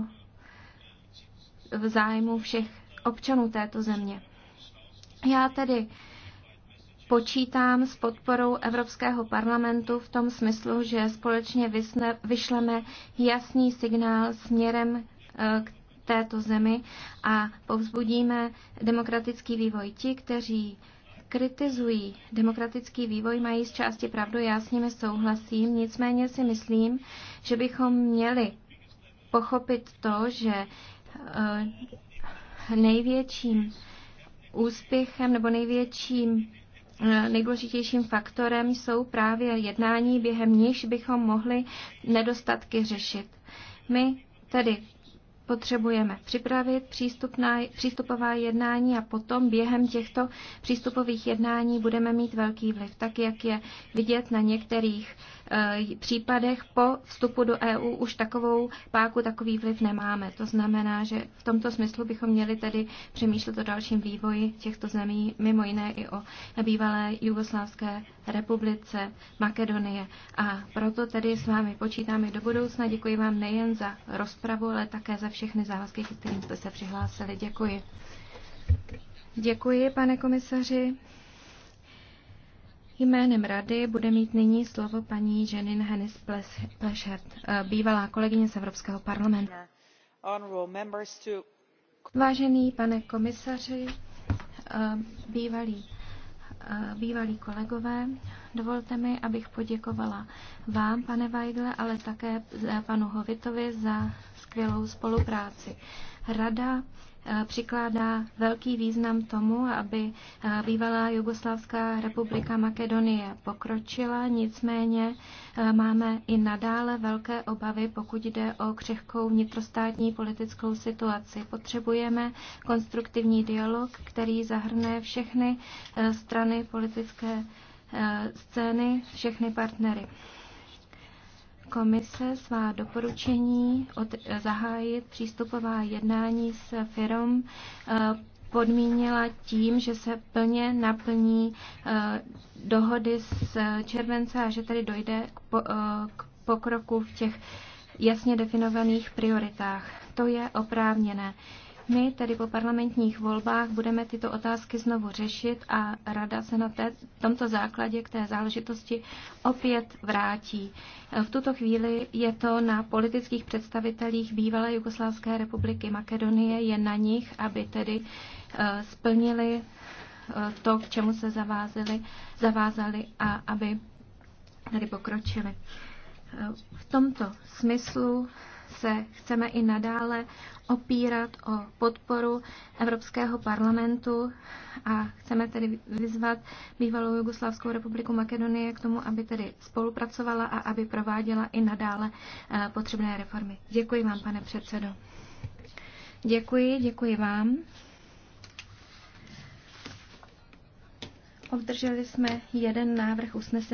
v zájmu všech občanů této země. Já tedy počítám s podporou Evropského parlamentu v tom smyslu, že společně vyšleme jasný signál směrem eh, k této zemi a povzbudíme demokratický vývoj ti, kteří kritizují demokratický vývoj, mají z části pravdu, já s nimi souhlasím, nicméně si myslím, že bychom měli pochopit to, že eh, největším úspěchem nebo největším eh, nejdůležitějším faktorem jsou právě jednání, během níž bychom mohli nedostatky řešit. My tedy potřebujeme připravit přístupová jednání a potom během těchto přístupových jednání budeme mít velký vliv, tak jak je vidět na některých Eh, případech po vstupu do EU už takovou páku, takový vliv nemáme. To znamená, že v tomto smyslu bychom měli tedy přemýšlet o dalším vývoji těchto zemí, mimo jiné i o bývalé Jugoslávské republice Makedonie. A proto tedy s vámi počítáme do budoucna. Děkuji vám nejen za rozpravu, ale také za všechny závazky, kterým jste se přihlásili. Děkuji. Děkuji, pane komisaři. Jménem rady bude mít nyní slovo paní jenin Hennis Plešert, eh, bývalá kolegyně z Evropského parlamentu. Vážený pane komisaři, eh, bývalí, eh, bývalí kolegové, dovolte mi, abych poděkovala vám, pane Weigle, ale také panu Hovitovi za skvělou spolupráci. Rada Eh, přikládá velký význam tomu, aby eh, bývalá Jugoslávská republika Makedonie pokročila, nicméně eh, máme i nadále velké obavy, pokud jde o křehkou vnitrostátní politickou situaci. Potřebujeme konstruktivní dialog, který zahrne všechny strany politické scény, všechny partnery komise svá doporučení od, zahájit přístupová jednání s firm eh, podmínila tím, že se plně naplní eh, dohody z července a že tady dojde k, po, eh, k pokroku v těch jasně definovaných prioritách. To je oprávněné. My tedy po parlamentních volbách budeme tyto otázky znovu řešit a rada se na té, tomto základě k té záležitosti opět vrátí. V tuto chvíli je to na politických představitelích bývalé Jugoslávské republiky Makedonie, je na nich, aby tedy eh, splnili eh, to, k čemu se zavázali, zavázali a aby tedy pokročili. Eh, v tomto smyslu se chceme i nadále opírat o podporu Evropského parlamentu a chceme tedy vyzvat bývalou Jugoslavskou republiku Makedonie k tomu, aby tedy spolupracovala a aby prováděla i nadále eh, potřebné reformy. Děkuji vám, pane předsedo. Děkuji, děkuji vám. Obdrželi jsme jeden návrh usnesení.